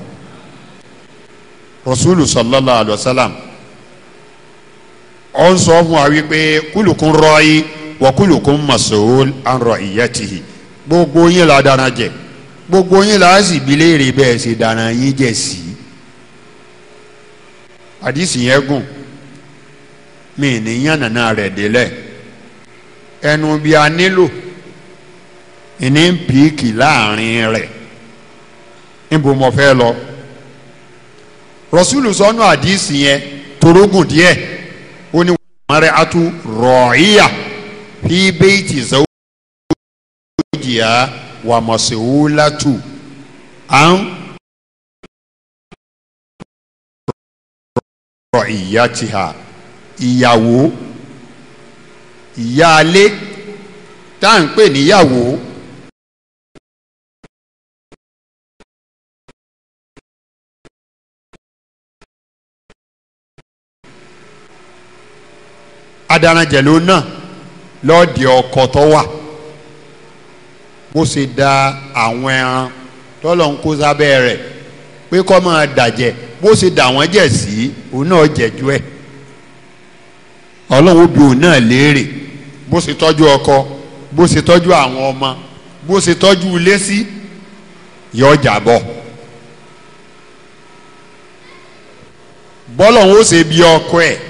rasulu sallallahu alayhi wa sallam ó ń sọ fún wa wípé kúlùkún rọ́ọ̀yì wa kúlùkún mas'ul an ra'iyatihi gbogbo yín la dáná jẹ gbogbo yín la sì bi léèrè bẹ́ẹ̀ ṣe dáná yín jẹ sí i àdìsí yẹn gùn mí ní yànnàná rẹ̀ délẹ̀ ẹnu bí a nílò ìní pìkì láàrin rẹ̀ níbo mo fẹ́ lọ rọ̀súlù sọ́nù àdìsí yẹn torógùn díẹ̀ ó ní mọ̀rẹ́ atu rọ̀ọ́yà fi béètì zawjiha wà mas'ulatu an rọ̀ọ́yàtìhà ìyàwó ìyáálé tá à ń pè níyàwó adaranjẹ ló náà lọ́ọ̀dì ọkọ̀ tó wà bó ṣe da àwọn ẹran tọ́lọ̀ ń kó sábẹ́ rẹ̀ pé kọ́ máa dàjẹ́ bó ṣe dà wọ́n jẹ̀ sí òun náà jẹ̀jú ẹ̀ ọlọ́run obì òun náà léèrè bó ṣe tọ́jú ọkọ bó ṣe tọ́jú àwọn ọmọ bó ṣe tọ́jú ilé sí yọ jàbọ̀ bọ́lọ̀ ń ó ṣe bí ọkọ ẹ̀